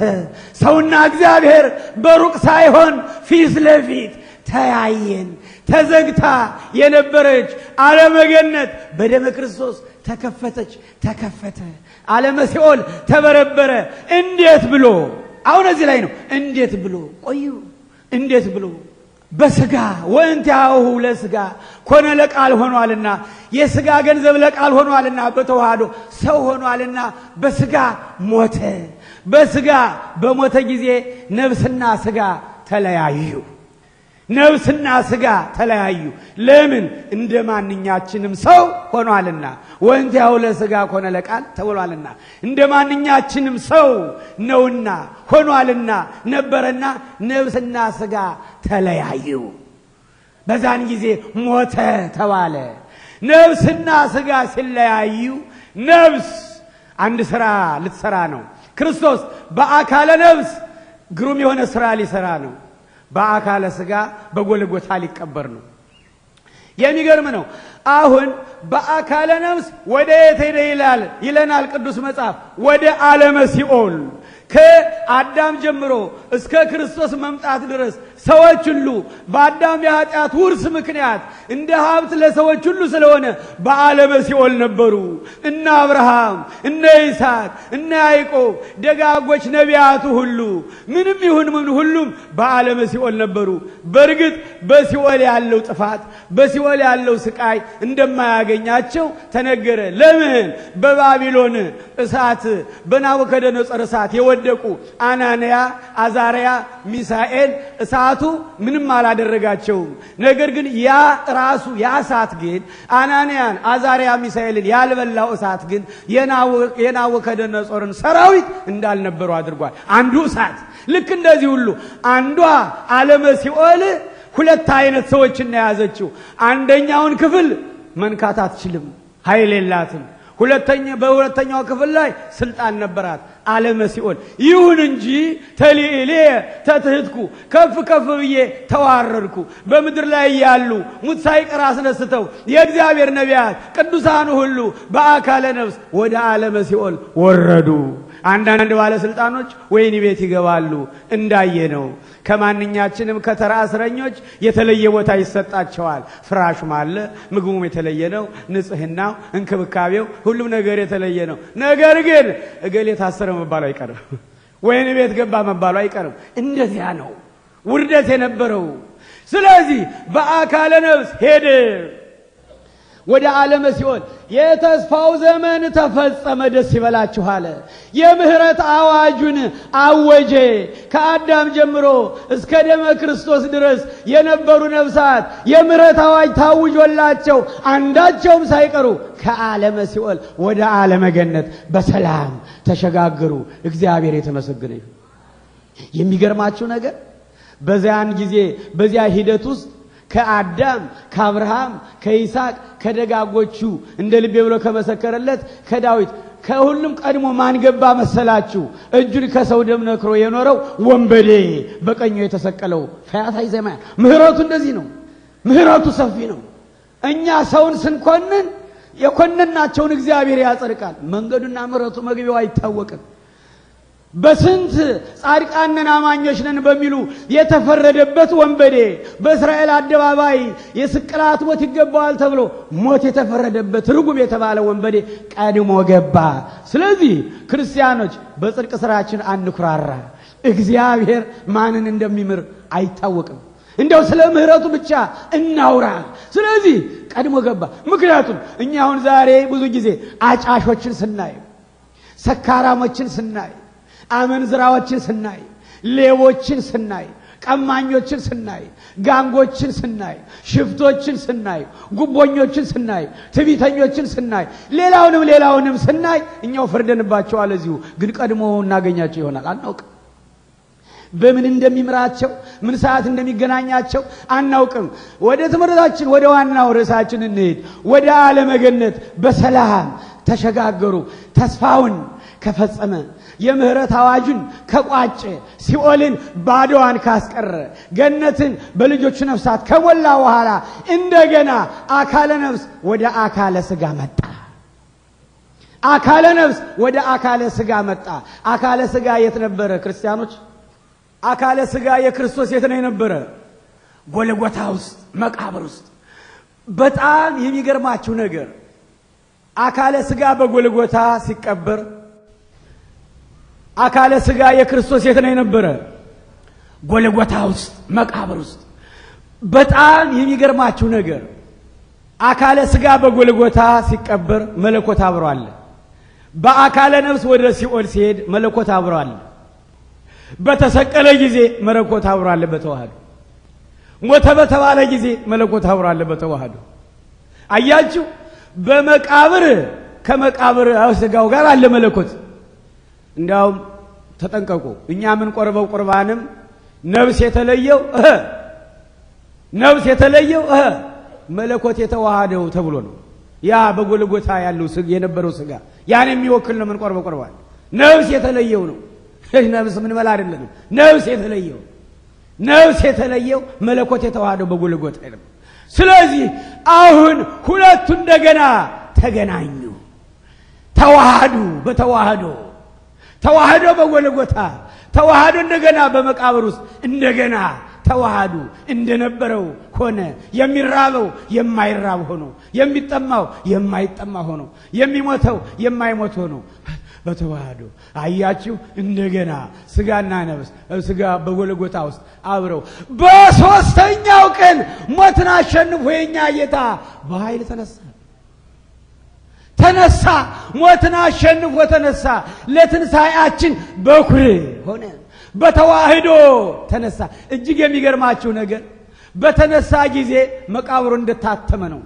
ሰውና እግዚአብሔር በሩቅ ሳይሆን ፊት ለፊት ተያየን። ተዘግታ የነበረች አለመገነት በደመ ክርስቶስ ተከፈተች፣ ተከፈተ። ዓለመ ተበረበረ። እንዴት ብሎ አሁን እዚህ ላይ ነው። እንዴት ብሎ ቆዩ፣ እንዴት ብሎ በስጋ ወእንቲአሁ ለስጋ ኮነ ለቃል ሆኗልና፣ የስጋ ገንዘብ ለቃል ሆኗልና፣ በተዋህዶ ሰው ሆኗልና በስጋ ሞተ። በስጋ በሞተ ጊዜ ነፍስና ስጋ ተለያዩ። ነፍስና ስጋ ተለያዩ። ለምን? እንደ ማንኛችንም ሰው ሆኗልና፣ ወእንቲአሁ ለስጋ ኮነ ለቃል ተብሏልና፣ እንደ ማንኛችንም ሰው ነውና ሆኗልና ነበረና ነፍስና ስጋ ተለያዩ። በዛን ጊዜ ሞተ ተባለ። ነፍስና ስጋ ሲለያዩ ነፍስ አንድ ስራ ልትሰራ ነው። ክርስቶስ በአካለ ነፍስ ግሩም የሆነ ስራ ሊሰራ ነው። በአካለ ስጋ በጎልጎታ ሊቀበር ነው። የሚገርም ነው። አሁን በአካለ ነፍስ ወደ የት ሄደ ይላል ይለናል ቅዱስ መጽሐፍ ወደ ዓለመ ሲኦል ከአዳም ጀምሮ እስከ ክርስቶስ መምጣት ድረስ ሰዎች ሁሉ በአዳም የኃጢአት ውርስ ምክንያት እንደ ሀብት ለሰዎች ሁሉ ስለሆነ በዓለመ ሲኦል ነበሩ። እነ አብርሃም፣ እነ ይስሐቅ፣ እነ ያዕቆብ ደጋጎች ነቢያቱ ሁሉ ምንም ይሁን ምን ሁሉም በዓለመ ሲኦል ነበሩ። በእርግጥ በሲኦል ያለው ጥፋት፣ በሲኦል ያለው ስቃይ እንደማያገኛቸው ተነገረ። ለምን? በባቢሎን እሳት በናቡከደነጾር እሳት የወ ወደቁ። አናንያ፣ አዛርያ፣ ሚሳኤል እሳቱ ምንም አላደረጋቸውም። ነገር ግን ያ ራሱ ያ እሳት ግን አናንያን፣ አዛርያ፣ ሚሳኤልን ያልበላው እሳት ግን የናቡከደነጾርን ሰራዊት እንዳልነበሩ አድርጓል። አንዱ እሳት ልክ እንደዚህ ሁሉ አንዷ አለመ ሲኦል ሁለት አይነት ሰዎችን የያዘችው አንደኛውን ክፍል መንካት አትችልም፣ ኃይል የላትም። ሁለተኛ በሁለተኛው ክፍል ላይ ስልጣን ነበራት። አለመ ሲኦል ይሁን እንጂ ተልዕሌ ተትህትኩ ከፍ ከፍ ብዬ ተዋረድኩ። በምድር ላይ ያሉ ሙት ሳይቀር አስነስተው የእግዚአብሔር ነቢያት ቅዱሳኑ ሁሉ በአካለ ነፍስ ወደ አለመ ሲኦል ወረዱ። አንዳንድ ባለስልጣኖች ወይን ቤት ይገባሉ። እንዳየ ነው። ከማንኛችንም ከተራ እስረኞች የተለየ ቦታ ይሰጣቸዋል። ፍራሹም አለ፣ ምግቡም የተለየ ነው፣ ንጽህናው፣ እንክብካቤው፣ ሁሉም ነገር የተለየ ነው። ነገር ግን እገሌ ታሰረ መባሉ አይቀርም። ወይን ቤት ገባ መባሉ አይቀርም። እንደዚያ ነው ውርደት የነበረው። ስለዚህ በአካለ ነፍስ ሄደ ወደ ዓለመ ሲኦል የተስፋው ዘመን ተፈጸመ፣ ደስ ይበላችሁ አለ። የምህረት አዋጁን አወጀ። ከአዳም ጀምሮ እስከ ደመ ክርስቶስ ድረስ የነበሩ ነፍሳት የምህረት አዋጅ ታውጆላቸው አንዳቸውም ሳይቀሩ ከዓለመ ሲኦል ወደ ዓለመ ገነት በሰላም ተሸጋገሩ። እግዚአብሔር የተመሰገነ ይሁን። የሚገርማችሁ ነገር በዚያን ጊዜ በዚያ ሂደት ውስጥ ከአዳም ከአብርሃም ከይስሐቅ ከደጋጎቹ እንደ ልቤ ብሎ ከመሰከረለት ከዳዊት ከሁሉም ቀድሞ ማን ገባ መሰላችሁ? እጁን ከሰው ደም ነክሮ የኖረው ወንበዴ በቀኙ የተሰቀለው ፈያታይ ዘማያን። ምህረቱ እንደዚህ ነው። ምህረቱ ሰፊ ነው። እኛ ሰውን ስንኮንን የኮነናቸውን እግዚአብሔር ያጸድቃል። መንገዱና ምህረቱ መግቢያው አይታወቅም። በስንት ጻድቃንን አማኞች ነን በሚሉ የተፈረደበት ወንበዴ በእስራኤል አደባባይ የስቅላት ሞት ይገባዋል ተብሎ ሞት የተፈረደበት ርጉም የተባለ ወንበዴ ቀድሞ ገባ። ስለዚህ ክርስቲያኖች በጽድቅ ስራችን አንኩራራ። እግዚአብሔር ማንን እንደሚምር አይታወቅም። እንደው ስለ ምህረቱ ብቻ እናውራ። ስለዚህ ቀድሞ ገባ። ምክንያቱም እኛ አሁን ዛሬ ብዙ ጊዜ አጫሾችን ስናይ፣ ሰካራሞችን ስናይ አመንዝራዎችን ስናይ፣ ሌቦችን ስናይ፣ ቀማኞችን ስናይ፣ ጋንጎችን ስናይ፣ ሽፍቶችን ስናይ፣ ጉቦኞችን ስናይ፣ ትቢተኞችን ስናይ፣ ሌላውንም ሌላውንም ስናይ እኛው ፈርደንባቸዋል። እዚሁ ግን ቀድሞ እናገኛቸው ይሆናል አናውቅም። በምን እንደሚምራቸው ምን ሰዓት እንደሚገናኛቸው አናውቅም። ወደ ትምህርታችን ወደ ዋናው ርዕሳችን እንሄድ። ወደ አለመገነት በሰላም ተሸጋገሩ ተስፋውን ከፈጸመ የምህረት አዋጁን ከቋጨ፣ ሲኦልን ባዶዋን ካስቀረ፣ ገነትን በልጆቹ ነፍሳት ከሞላ በኋላ እንደገና አካለ ነፍስ ወደ አካለ ስጋ መጣ። አካለ ነፍስ ወደ አካለ ስጋ መጣ። አካለ ስጋ የት ነበረ? ክርስቲያኖች፣ አካለ ስጋ የክርስቶስ የት ነው የነበረ? ጎለጎታ ውስጥ፣ መቃብር ውስጥ። በጣም የሚገርማችሁ ነገር አካለ ስጋ በጎልጎታ ሲቀበር አካለ ስጋ የክርስቶስ የት ነው የነበረ? ጎልጎታ ውስጥ፣ መቃብር ውስጥ። በጣም የሚገርማችሁ ነገር አካለ ስጋ በጎልጎታ ሲቀበር መለኮት አብሮ አለ። በአካለ ነፍስ ወደ ሲኦል ሲሄድ መለኮት አብሮ አለ። በተሰቀለ ጊዜ መለኮት አብሮ አለ በተዋህዶ ሞተ በተባለ ጊዜ መለኮት አብሮ አለ በተዋህዶ አያችሁ በመቃብር ከመቃብር ስጋው ጋር አለ መለኮት እንዲያውም ተጠንቀቁ። እኛ ምን ቆርበው ቁርባንም ነብስ የተለየው እህ ነብስ የተለየው እህ መለኮት የተዋሃደው ተብሎ ነው። ያ በጎልጎታ ያለው የነበረው ስጋ ያን የሚወክል ነው ምን ቆርበው ቁርባን። ነብስ የተለየው ነው። ነብስ ምን ምንበላ አይደለም። ነብስ የተለየው ነብስ የተለየው መለኮት የተዋሃደው በጎልጎታ ነው። ስለዚህ አሁን ሁለቱ እንደገና ተገናኙ፣ ተዋሃዱ በተዋህዶ ተዋህዶ በጎለጎታ ተዋህዶ እንደገና በመቃብር ውስጥ እንደገና ተዋሃዱ እንደነበረው ሆነ። የሚራበው የማይራብ ሆኖ፣ የሚጠማው የማይጠማ ሆኖ፣ የሚሞተው የማይሞት ሆኖ በተዋህዶ አያችሁ። እንደገና ስጋና ነፍስ ስጋ በጎለጎታ ውስጥ አብረው በሶስተኛው ቀን ሞትን አሸንፎ የኛ ጌታ በኃይል ተነሳ። ተነሳ፣ ሞትን አሸንፎ ተነሳ። ለትንሣኤያችን በኩር ሆነ፣ በተዋህዶ ተነሳ። እጅግ የሚገርማችሁ ነገር በተነሳ ጊዜ መቃብሩ እንደታተመ ነው።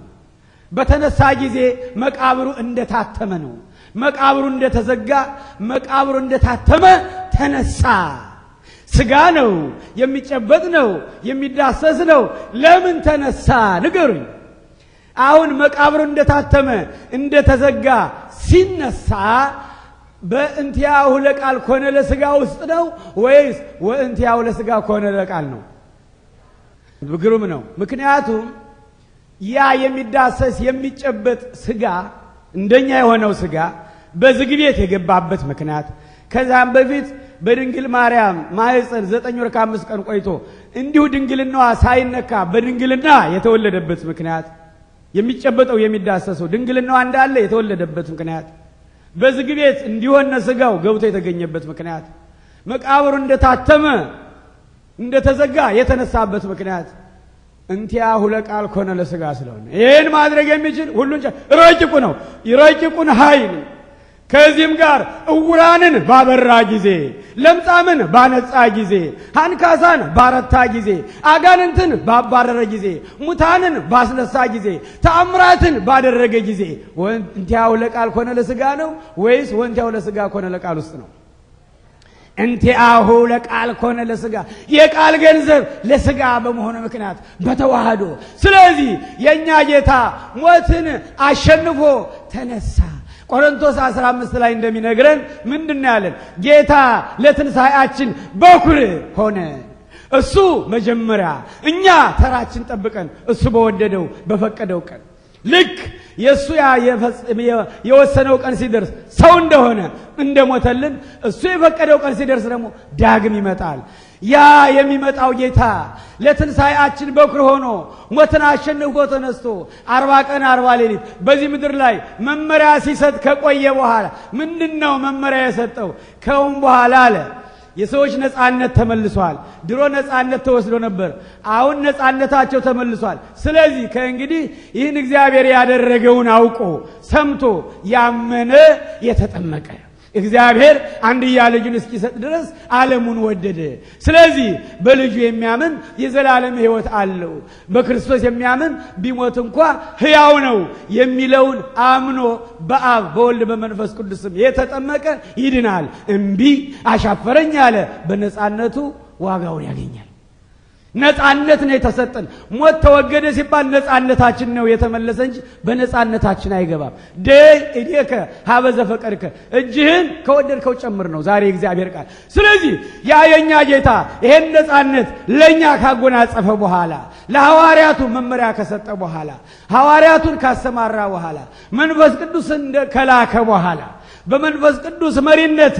በተነሳ ጊዜ መቃብሩ እንደታተመ ነው። መቃብሩ እንደተዘጋ፣ መቃብሩ እንደታተመ ተነሳ። ስጋ ነው፣ የሚጨበጥ ነው፣ የሚዳሰስ ነው። ለምን ተነሳ? ንገሩኝ። አሁን መቃብሩ እንደታተመ እንደተዘጋ ሲነሳ በእንቲያሁ ለቃል ኮነ ለስጋ ውስጥ ነው ወይስ ወእንቲያሁ ለስጋ ኮነ ለቃል ነው? ግሩም ነው። ምክንያቱም ያ የሚዳሰስ የሚጨበጥ ስጋ እንደኛ የሆነው ስጋ በዝግ ቤት የገባበት ምክንያት ከዛም በፊት በድንግል ማርያም ማህፀን ዘጠኝ ወር ከአምስት ቀን ቆይቶ እንዲሁ ድንግልናዋ ሳይነካ በድንግልና የተወለደበት ምክንያት የሚጨበጠው የሚዳሰሰው ድንግልናዋ እንዳለ የተወለደበት ምክንያት በዝግ ቤት እንዲሆነ ስጋው ገብቶ የተገኘበት ምክንያት መቃብሩ እንደታተመ እንደተዘጋ የተነሳበት ምክንያት እንቲያ ሁለ ቃል ኮነ ለስጋ ስለሆነ ይህን ማድረግ የሚችል ሁሉን ረቂቁ ነው። ረቂቁን ኃይል ከዚህም ጋር እውራንን ባበራ ጊዜ፣ ለምጻምን ባነጻ ጊዜ፣ አንካሳን ባረታ ጊዜ፣ አጋንንትን ባባረረ ጊዜ፣ ሙታንን ባስነሳ ጊዜ፣ ተአምራትን ባደረገ ጊዜ እንቲያው ለቃል ኮነ ለስጋ ነው ወይስ ወንቲያው ለስጋ ኮነ ለቃል ውስጥ ነው? እንቲአሁ ለቃል ኮነ ለስጋ የቃል ገንዘብ ለስጋ በመሆኑ ምክንያት በተዋህዶ ስለዚህ የእኛ ጌታ ሞትን አሸንፎ ተነሳ። ቆሮንቶስ 15 ላይ እንደሚነግረን ምንድን ያለን ጌታ ለትንሣኤያችን በኩር ሆነ። እሱ መጀመሪያ እኛ ተራችን ጠብቀን እሱ በወደደው በፈቀደው ቀን ልክ የእሱ የወሰነው ቀን ሲደርስ ሰው እንደሆነ እንደሞተልን እሱ የፈቀደው ቀን ሲደርስ ደግሞ ዳግም ይመጣል። ያ የሚመጣው ጌታ ለትንሣኤያችን በኩር ሆኖ ሞትን አሸንፎ ተነስቶ አርባ ቀን አርባ ሌሊት በዚህ ምድር ላይ መመሪያ ሲሰጥ ከቆየ በኋላ ምንድን ነው መመሪያ የሰጠው? ከውም በኋላ አለ የሰዎች ነፃነት ተመልሷል። ድሮ ነፃነት ተወስዶ ነበር፣ አሁን ነፃነታቸው ተመልሷል። ስለዚህ ከእንግዲህ ይህን እግዚአብሔር ያደረገውን አውቆ ሰምቶ ያመነ የተጠመቀ እግዚአብሔር አንድያ ልጁን እስኪሰጥ ድረስ ዓለሙን ወደደ። ስለዚህ በልጁ የሚያምን የዘላለም ሕይወት አለው። በክርስቶስ የሚያምን ቢሞት እንኳ ሕያው ነው የሚለውን አምኖ በአብ በወልድ በመንፈስ ቅዱስም የተጠመቀ ይድናል። እምቢ አሻፈረኝ አለ። በነፃነቱ ዋጋውን ያገኛል። ነፃነት ነው የተሰጠን። ሞት ተወገደ ሲባል ነፃነታችን ነው የተመለሰ እንጂ በነፃነታችን አይገባም። ደይ እዴከ ሀበ ዘፈቀድከ እጅህን ከወደድከው ጨምር ነው ዛሬ እግዚአብሔር ቃል። ስለዚህ ያ የእኛ ጌታ ይሄን ነፃነት ለእኛ ካጎናጸፈ በኋላ ለሐዋርያቱ መመሪያ ከሰጠ በኋላ ሐዋርያቱን ካሰማራ በኋላ መንፈስ እንደ ከላከ በኋላ በመንፈስ ቅዱስ መሪነት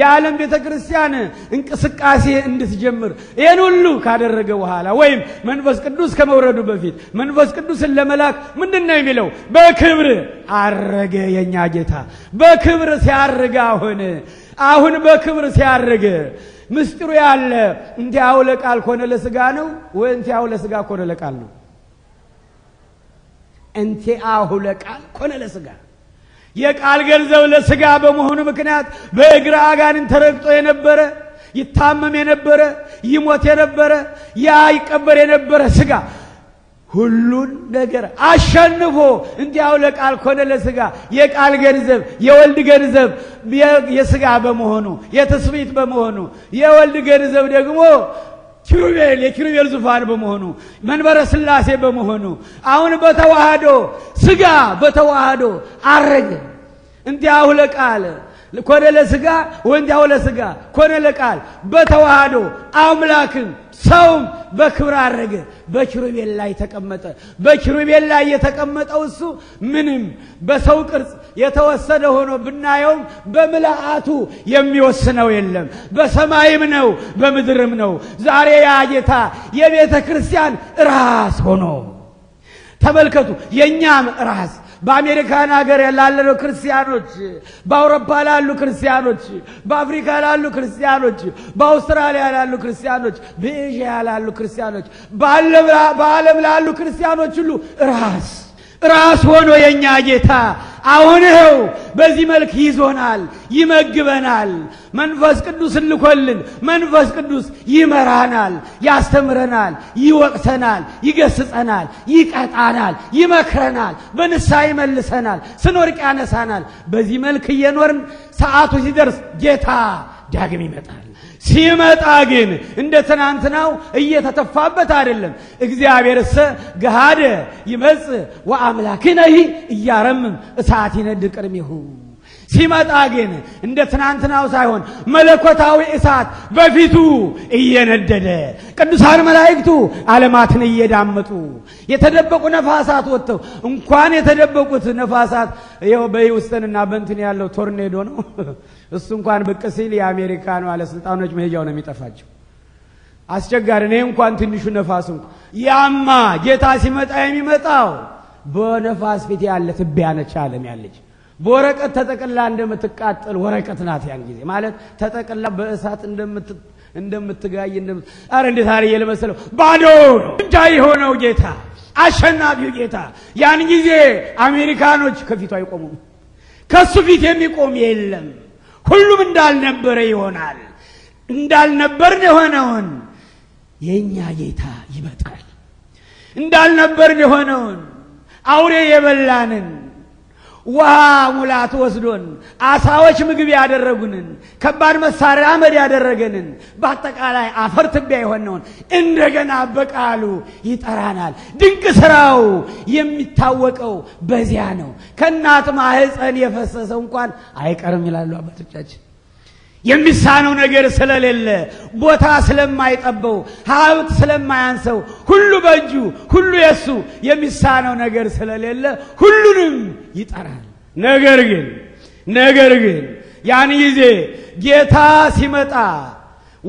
የዓለም ቤተ ክርስቲያን እንቅስቃሴ እንድትጀምር ይህን ሁሉ ካደረገ በኋላ ወይም መንፈስ ቅዱስ ከመውረዱ በፊት መንፈስ ቅዱስን ለመላክ ምንድን ነው የሚለው? በክብር አረገ። የእኛ ጌታ በክብር ሲያርግ አሁን አሁን በክብር ሲያርግ ምስጢሩ ያለ እንቲያው ለቃል ኮነ ለስጋ ነው ወይ እንቲያው ለስጋ ኮነ ለቃል ነው? እንቲአሁ ለቃል ኮነ ለስጋ የቃል ገንዘብ ለስጋ በመሆኑ ምክንያት በእግረ አጋንንት ተረግጦ የነበረ ይታመም የነበረ ይሞት የነበረ ያ ይቀበር የነበረ ስጋ ሁሉን ነገር አሸንፎ እንዲያው ለቃል ኮነ ለስጋ የቃል ገንዘብ የወልድ ገንዘብ የስጋ በመሆኑ የተስቤት በመሆኑ የወልድ ገንዘብ ደግሞ ኪሩቤል የኪሩቤል ዙፋን በመሆኑ መንበረ ሥላሴ በመሆኑ አሁን በተዋህዶ ስጋ በተዋህዶ አረገ እንዲያውለ ቃል ኮነ ለስጋ ወንዲያው ለስጋ ኮነ ለቃል በተዋህዶ አምላክም ሰውም በክብር አረገ፣ በኪሩቤል ላይ ተቀመጠ። በኪሩቤል ላይ የተቀመጠው እሱ ምንም በሰው ቅርጽ የተወሰደ ሆኖ ብናየውም በምልአቱ የሚወስነው የለም። በሰማይም ነው በምድርም ነው። ዛሬ ያ ጌታ የቤተ ክርስቲያን ራስ ሆኖ ተመልከቱ፣ የእኛም ራስ በአሜሪካን ሀገር ላለነው ክርስቲያኖች፣ በአውሮፓ ላሉ ክርስቲያኖች፣ በአፍሪካ ላሉ ክርስቲያኖች፣ በአውስትራሊያ ላሉ ክርስቲያኖች፣ በኤዥያ ላሉ ክርስቲያኖች፣ በዓለም ላሉ ክርስቲያኖች ሁሉ ራስ ራስ ሆኖ የእኛ ጌታ አሁን ይኸው በዚህ መልክ ይዞናል፣ ይመግበናል። መንፈስ ቅዱስ ልኮልን መንፈስ ቅዱስ ይመራናል፣ ያስተምረናል፣ ይወቅሰናል፣ ይገስጸናል፣ ይቀጣናል፣ ይመክረናል፣ በንሳ ይመልሰናል፣ ስንወርቅ ያነሳናል። በዚህ መልክ እየኖርን ሰዓቱ ሲደርስ ጌታ ዳግም ይመጣል። ሲመጣ ግን እንደ ትናንትናው እየተተፋበት አይደለም። እግዚአብሔር እሰ ገሃደ ይመጽእ ወአምላክነ ኢያረምም እሳት ይነድድ ቅድሜሁ ሲመጣ ግን እንደ ትናንትናው ሳይሆን መለኮታዊ እሳት በፊቱ እየነደደ ቅዱሳን መላእክቱ ዓለማትን እየዳመጡ የተደበቁ ነፋሳት ወጥተው እንኳን የተደበቁት ነፋሳት ይኸው በሂውስተንና በእንትን ያለው ቶርኔዶ ነው። እሱ እንኳን ብቅ ሲል የአሜሪካኑ ባለስልጣኖች መሄጃው ነው የሚጠፋቸው። አስቸጋሪ። እኔ እንኳን ትንሹ ነፋስ እንኳ ያማ ጌታ ሲመጣ የሚመጣው በነፋስ ፊት ያለ ትቢያ ነች ዓለም ያለች በወረቀት ተጠቅላ እንደምትቃጠል ወረቀት ናት። ያን ጊዜ ማለት ተጠቅላ በእሳት እንደምትጋይ ኧረ እንዴት አርዬ ለመሰለው ባዶ ብቻ የሆነው ጌታ አሸናፊው ጌታ። ያን ጊዜ አሜሪካኖች ከፊቱ አይቆሙም። ከሱ ፊት የሚቆም የለም። ሁሉም እንዳልነበረ ይሆናል። እንዳልነበርን የሆነውን የእኛ ጌታ ይመጣል። እንዳልነበርን የሆነውን አውሬ የበላንን ውሃ ሙላት ወስዶን አሳዎች ምግብ ያደረጉንን ከባድ መሳሪያ አመድ ያደረገንን በአጠቃላይ አፈር ትቢያ የሆነውን እንደገና በቃሉ ይጠራናል። ድንቅ ስራው የሚታወቀው በዚያ ነው። ከእናት ማህፀን የፈሰሰው እንኳን አይቀርም ይላሉ አባቶቻችን። የሚሳነው ነገር ስለሌለ ቦታ ስለማይጠበው ሀብት ስለማያንሰው ሁሉ በእጁ ሁሉ የሱ የሚሳነው ነገር ስለሌለ ሁሉንም ይጠራል። ነገር ግን ነገር ግን ያን ጊዜ ጌታ ሲመጣ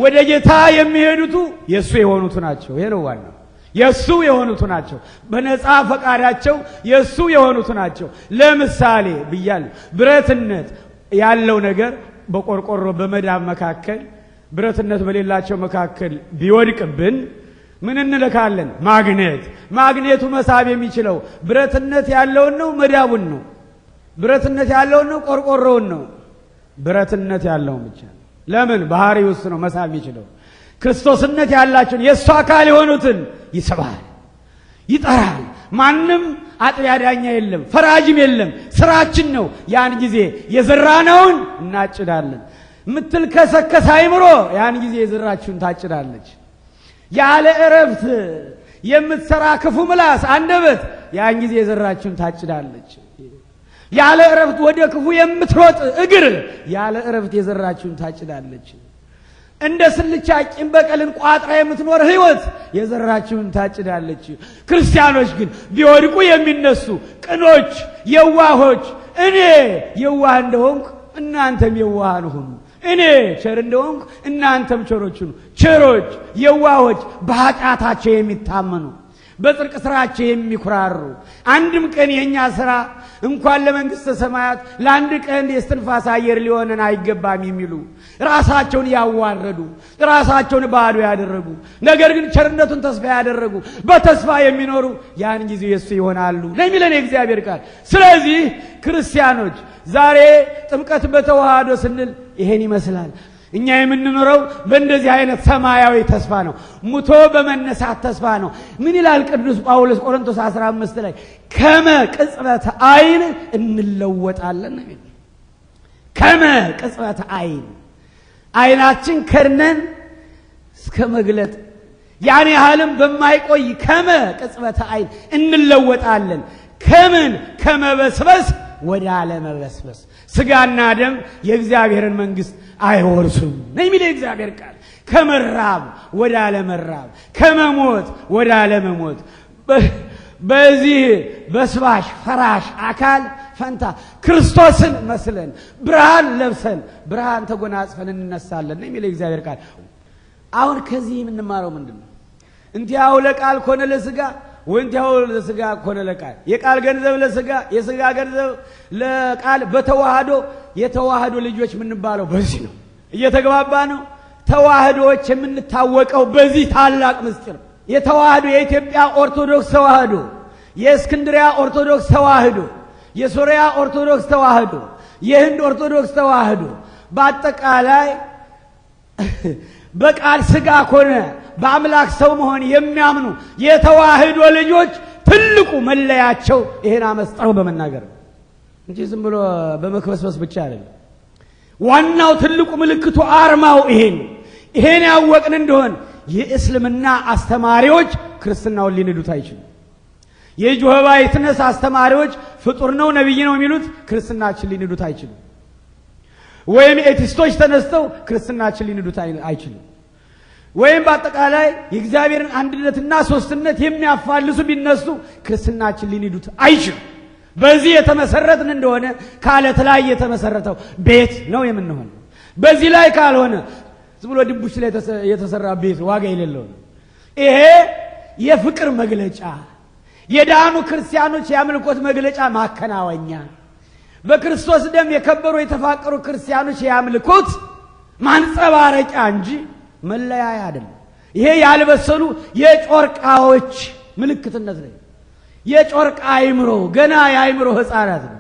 ወደ ጌታ የሚሄዱቱ የእሱ የሆኑቱ ናቸው። ይሄ ነው ዋናው። የእሱ የሆኑቱ ናቸው። በነፃ ፈቃዳቸው የእሱ የሆኑቱ ናቸው። ለምሳሌ ብያለሁ፣ ብረትነት ያለው ነገር በቆርቆሮ በመዳብ መካከል ብረትነት በሌላቸው መካከል ቢወድቅብን ምን እንልካለን? ማግኔት። ማግኔቱ መሳብ የሚችለው ብረትነት ያለውን ነው፣ መዳቡን ነው። ብረትነት ያለውን ነው፣ ቆርቆሮውን ነው። ብረትነት ያለውን ብቻ ለምን? ባህሪ ውስጥ ነው መሳብ የሚችለው። ክርስቶስነት ያላቸውን የእሱ አካል የሆኑትን ይስባል። ይጠራል። ማንም አጥቢያ ዳኛ የለም፣ ፈራጅም የለም። ስራችን ነው። ያን ጊዜ የዘራነውን እናጭዳለን። የምትልከሰከስ አይምሮ ያን ጊዜ የዘራችሁን ታጭዳለች። ያለ እረፍት የምትሰራ ክፉ ምላስ አንደበት ያን ጊዜ የዘራችሁን ታጭዳለች። ያለ እረፍት ወደ ክፉ የምትሮጥ እግር ያለ እረፍት የዘራችሁን ታጭዳለች። እንደ ስልቻ ቂም በቀልን ቋጥራ የምትኖር ህይወት የዘራችሁን ታጭዳለች። ክርስቲያኖች ግን ቢወድቁ የሚነሱ ቅኖች፣ የዋሆች እኔ የዋህ እንደሆንኩ እናንተም የዋሃን ሁኑ። እኔ ቸር እንደሆንኩ እናንተም ቸሮች ሁኑ። ቸሮች፣ የዋሆች፣ በኃጢአታቸው የሚታመኑ በጽድቅ ስራቸው የሚኩራሩ አንድም ቀን የእኛ ስራ እንኳን ለመንግሥተ ሰማያት ለአንድ ቀን የስትንፋስ አየር ሊሆነን አይገባም የሚሉ ራሳቸውን ያዋረዱ ራሳቸውን ባዶ ያደረጉ ነገር ግን ቸርነቱን ተስፋ ያደረጉ በተስፋ የሚኖሩ ያን ጊዜ የእሱ ይሆናሉ ለሚለን የእግዚአብሔር ቃል። ስለዚህ ክርስቲያኖች ዛሬ ጥምቀት በተዋህዶ ስንል ይሄን ይመስላል። እኛ የምንኖረው በእንደዚህ አይነት ሰማያዊ ተስፋ ነው። ሙቶ በመነሳት ተስፋ ነው። ምን ይላል ቅዱስ ጳውሎስ ቆሮንቶስ 15 ላይ ከመ ቅጽበት አይን እንለወጣለን ነው። ከመ ቅጽበት አይን አይናችን ከድነን እስከ መግለጥ ያን ያህልም በማይቆይ ከመ ቅጽበት አይን እንለወጣለን። ከምን ከመበስበስ ወደ አለመበስበስ ስጋና ደም የእግዚአብሔርን መንግስት አይወርሱም ነው የእግዚአብሔር ቃል። ከመራብ ወደ አለመራብ፣ ከመሞት ወደ አለመሞት በዚህ በስባሽ ፈራሽ አካል ፈንታ ክርስቶስን መስለን ብርሃን ለብሰን ብርሃን ተጎናጽፈን እንነሳለን ነው የእግዚአብሔር ቃል። አሁን ከዚህ የምንማረው ምንድን ነው? እንዲያው ለቃል ኮነ ለስጋ ወንጃው ለስጋ ኮነ ለቃል የቃል ገንዘብ ለስጋ የስጋ ገንዘብ ለቃል በተዋህዶ የተዋህዶ ልጆች የምንባለው በዚህ ነው። እየተግባባ ነው። ተዋህዶዎች የምንታወቀው በዚህ ታላቅ ምስጢር የተዋህዶ የኢትዮጵያ ኦርቶዶክስ ተዋህዶ፣ የእስክንድሪያ ኦርቶዶክስ ተዋህዶ፣ የሶሪያ ኦርቶዶክስ ተዋህዶ፣ የህንድ ኦርቶዶክስ ተዋህዶ በአጠቃላይ በቃል ስጋ ኮነ በአምላክ ሰው መሆን የሚያምኑ የተዋህዶ ልጆች ትልቁ መለያቸው ይሄን አመስጠው በመናገር ነው እንጂ ዝም ብሎ በመክበስበስ ብቻ አይደለም። ዋናው ትልቁ ምልክቱ አርማው ይሄን ይሄን ያወቅን እንደሆን የእስልምና አስተማሪዎች ክርስትናውን ሊንዱት አይችሉም። የጆሆባ ዊትነስ አስተማሪዎች ፍጡር ነው ነቢይ ነው የሚሉት ክርስትናችን ሊንዱት አይችሉም። ወይም ኤቲስቶች ተነስተው ክርስትናችን ሊንዱት አይችሉም። ወይም በአጠቃላይ የእግዚአብሔርን አንድነትና ሶስትነት የሚያፋልሱ ቢነሱ ክርስትናችን ሊንዱት አይችሉም። በዚህ የተመሰረትን እንደሆነ ከአለት ላይ የተመሰረተው ቤት ነው የምንሆን። በዚህ ላይ ካልሆነ ዝም ብሎ ድቡሽ ላይ የተሰራ ቤት ዋጋ የሌለው ነው። ይሄ የፍቅር መግለጫ፣ የዳኑ ክርስቲያኖች የአምልኮት መግለጫ ማከናወኛ፣ በክርስቶስ ደም የከበሩ የተፋቀሩ ክርስቲያኖች የአምልኮት ማንጸባረቂያ እንጂ መለያ አይደለም። ይሄ ያልበሰሉ የጮርቃዎች ምልክትነት ነው። የጮርቃ አይምሮ ገና የአይምሮ ህፃናት ነው።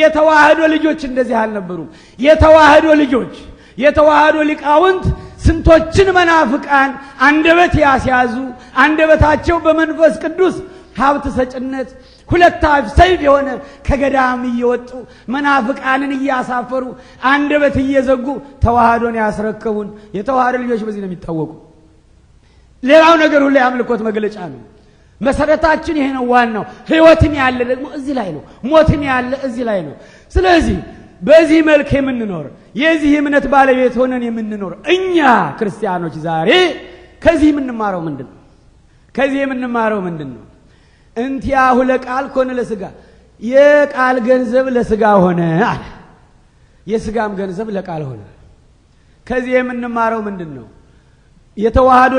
የተዋህዶ ልጆች እንደዚህ አልነበሩም። የተዋህዶ ልጆች የተዋህዶ ሊቃውንት ስንቶችን መናፍቃን አንደበት ያስያዙ አንደበታቸው በመንፈስ ቅዱስ ሀብት ሰጭነት ሁለት ሰይፍ የሆነ ከገዳም እየወጡ መናፍቃንን እያሳፈሩ አንደበት እየዘጉ ተዋህዶን ያስረከቡን የተዋህዶ ልጆች በዚህ ነው የሚታወቁ። ሌላው ነገር ሁሉ የአምልኮት መግለጫ ነው። መሰረታችን ይሄ ነው ዋናው። ህይወትም ያለ ደግሞ እዚህ ላይ ነው፣ ሞትም ያለ እዚህ ላይ ነው። ስለዚህ በዚህ መልክ የምንኖር የዚህ እምነት ባለቤት ሆነን የምንኖር እኛ ክርስቲያኖች ዛሬ ከዚህ የምንማረው ምንድን ነው? ከዚህ የምንማረው ምንድን ነው? እንቲያሁ ለቃል ኮነ ለስጋ የቃል ገንዘብ ለስጋ ሆነ አለ። የስጋም ገንዘብ ለቃል ሆነ። ከዚህ የምንማረው ምንድን ነው?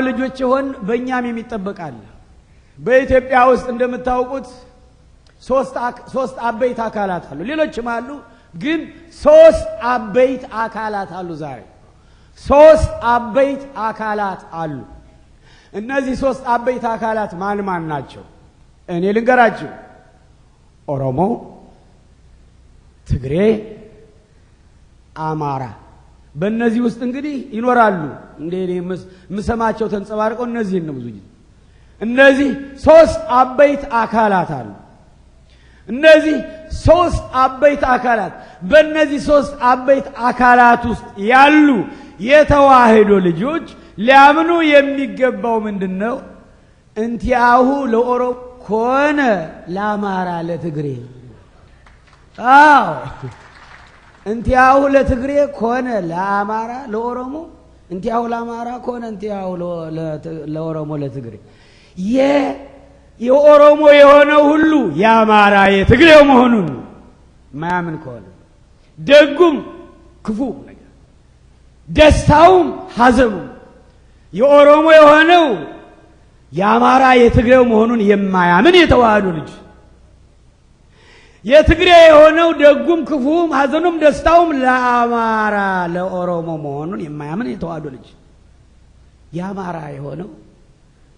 ልጆች ሲሆን በእኛም የሚጠበቃል። በኢትዮጵያ ውስጥ እንደምታውቁት ሶስት አበይት አካላት አሉ። ሌሎችም አሉ፣ ግን ሶስት አበይት አካላት አሉ። ዛሬ ሶስት አበይት አካላት አሉ። እነዚህ ሶስት አበይት አካላት ማን ማን ናቸው? እኔ ልንገራችሁ፣ ኦሮሞ፣ ትግሬ፣ አማራ በእነዚህ ውስጥ እንግዲህ ይኖራሉ። እንደ የምሰማቸው ተንጸባርቀው እነዚህን ነው ብዙ ጊዜ እነዚህ ሶስት አበይት አካላት አሉ። እነዚህ ሶስት አበይት አካላት በእነዚህ ሶስት አበይት አካላት ውስጥ ያሉ የተዋህዶ ልጆች ሊያምኑ የሚገባው ምንድን ነው? እንቲያሁ ለኦሮሞ ኮነ ለአማራ ለትግሬ አዎ እንቲያው ለትግሬ ኮነ ለአማራ ለኦሮሞ እንቲያው ለአማራ ኮነ እንቲያው ለኦሮሞ ለትግሬ የኦሮሞ የሆነ ሁሉ የአማራ የትግሬው መሆኑን ማያምን ከሆነ ደጉም ክፉ ነገር ደስታውም ሐዘኑም የኦሮሞ የሆነው የአማራ የትግሬው መሆኑን የማያምን የተዋህዶ ልጅ የትግሬ የሆነው ደጉም ክፉም ሀዘኑም ደስታውም ለአማራ ለኦሮሞ መሆኑን የማያምን የተዋህዶ ልጅ የአማራ የሆነው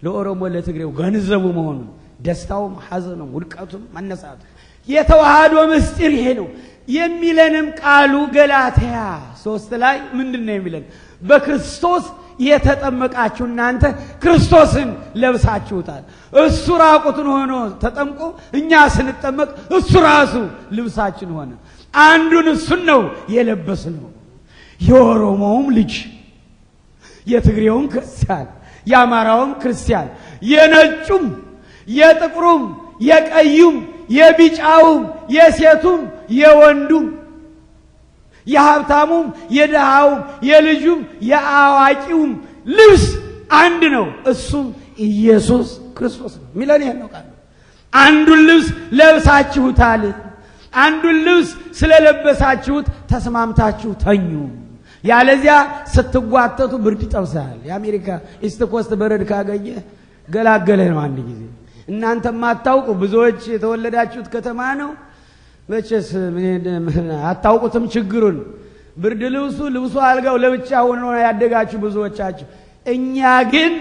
ለኦሮሞ ለትግሬው ገንዘቡ መሆኑን ደስታውም ሀዘኑም ውድቀቱም መነሳቱ የተዋህዶ ምስጢር ይሄ ነው የሚለንም ቃሉ ገላትያ ሶስት ላይ ምንድን ነው የሚለን በክርስቶስ የተጠመቃችሁ እናንተ ክርስቶስን ለብሳችሁታል። እሱ ራቁትን ሆኖ ተጠምቆ እኛ ስንጠመቅ እሱ ራሱ ልብሳችን ሆነ። አንዱን እሱን ነው የለበስነው። የኦሮሞውም ልጅ የትግሬውም ክርስቲያን፣ የአማራውም ክርስቲያን፣ የነጩም፣ የጥቁሩም፣ የቀዩም፣ የቢጫውም፣ የሴቱም፣ የወንዱም የሀብታሙም የድሃውም የልጁም የአዋቂውም ልብስ አንድ ነው፣ እሱም ኢየሱስ ክርስቶስ ነው የሚለን ይህን ነው ቃል። አንዱን ልብስ ለብሳችሁታል፣ አንዱን ልብስ ስለለበሳችሁት ተስማምታችሁ ተኙ። ያለዚያ ስትጓተቱ ብርድ ይጠብሳል። የአሜሪካ ኢስት ኮስት በረድ ካገኘ ገላገለ ነው አንድ ጊዜ። እናንተ ማታውቁ ብዙዎች የተወለዳችሁት ከተማ ነው መቼስ አታውቁትም ችግሩን። ብርድ ልብሱ ልብሱ አልጋው ለብቻ ሆኖ ያደጋችሁ ብዙዎቻችሁ፣ እኛ ግን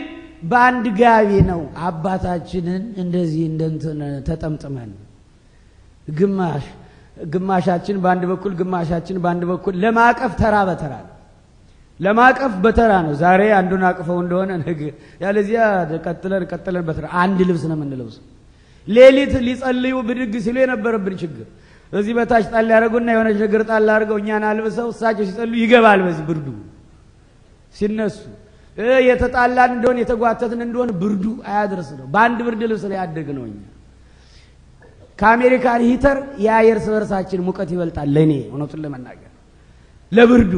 በአንድ ጋቢ ነው አባታችንን እንደዚህ እንደንትን ተጠምጥመን ግማሽ ግማሻችን በአንድ በኩል ግማሻችን በአንድ በኩል ለማቀፍ ተራ በተራ ለማቀፍ በተራ ነው። ዛሬ አንዱን አቅፈው እንደሆነ ነገ ያለዚያ ቀጥለን ቀጥለን በተራ አንድ ልብስ ነው የምንለብሰው። ሌሊት ሊጸልዩ ብድግ ሲሉ የነበረብን ችግር እዚህ በታች ጣል ያደረጉና የሆነ ችግር ጣል አድርገው እኛን አልብሰው እሳቸው ሲጸሉ ይገባል። በዚህ ብርዱ ሲነሱ የተጣላን እንደሆን የተጓተትን እንደሆን ብርዱ አያደርስ ነው። በአንድ ብርድ ልብስ ላይ ያደግ ነው። እኛ ከአሜሪካን ሂተር የአየር ስበርሳችን ሙቀት ይበልጣል። ለእኔ እውነቱን ለመናገር ለብርዱ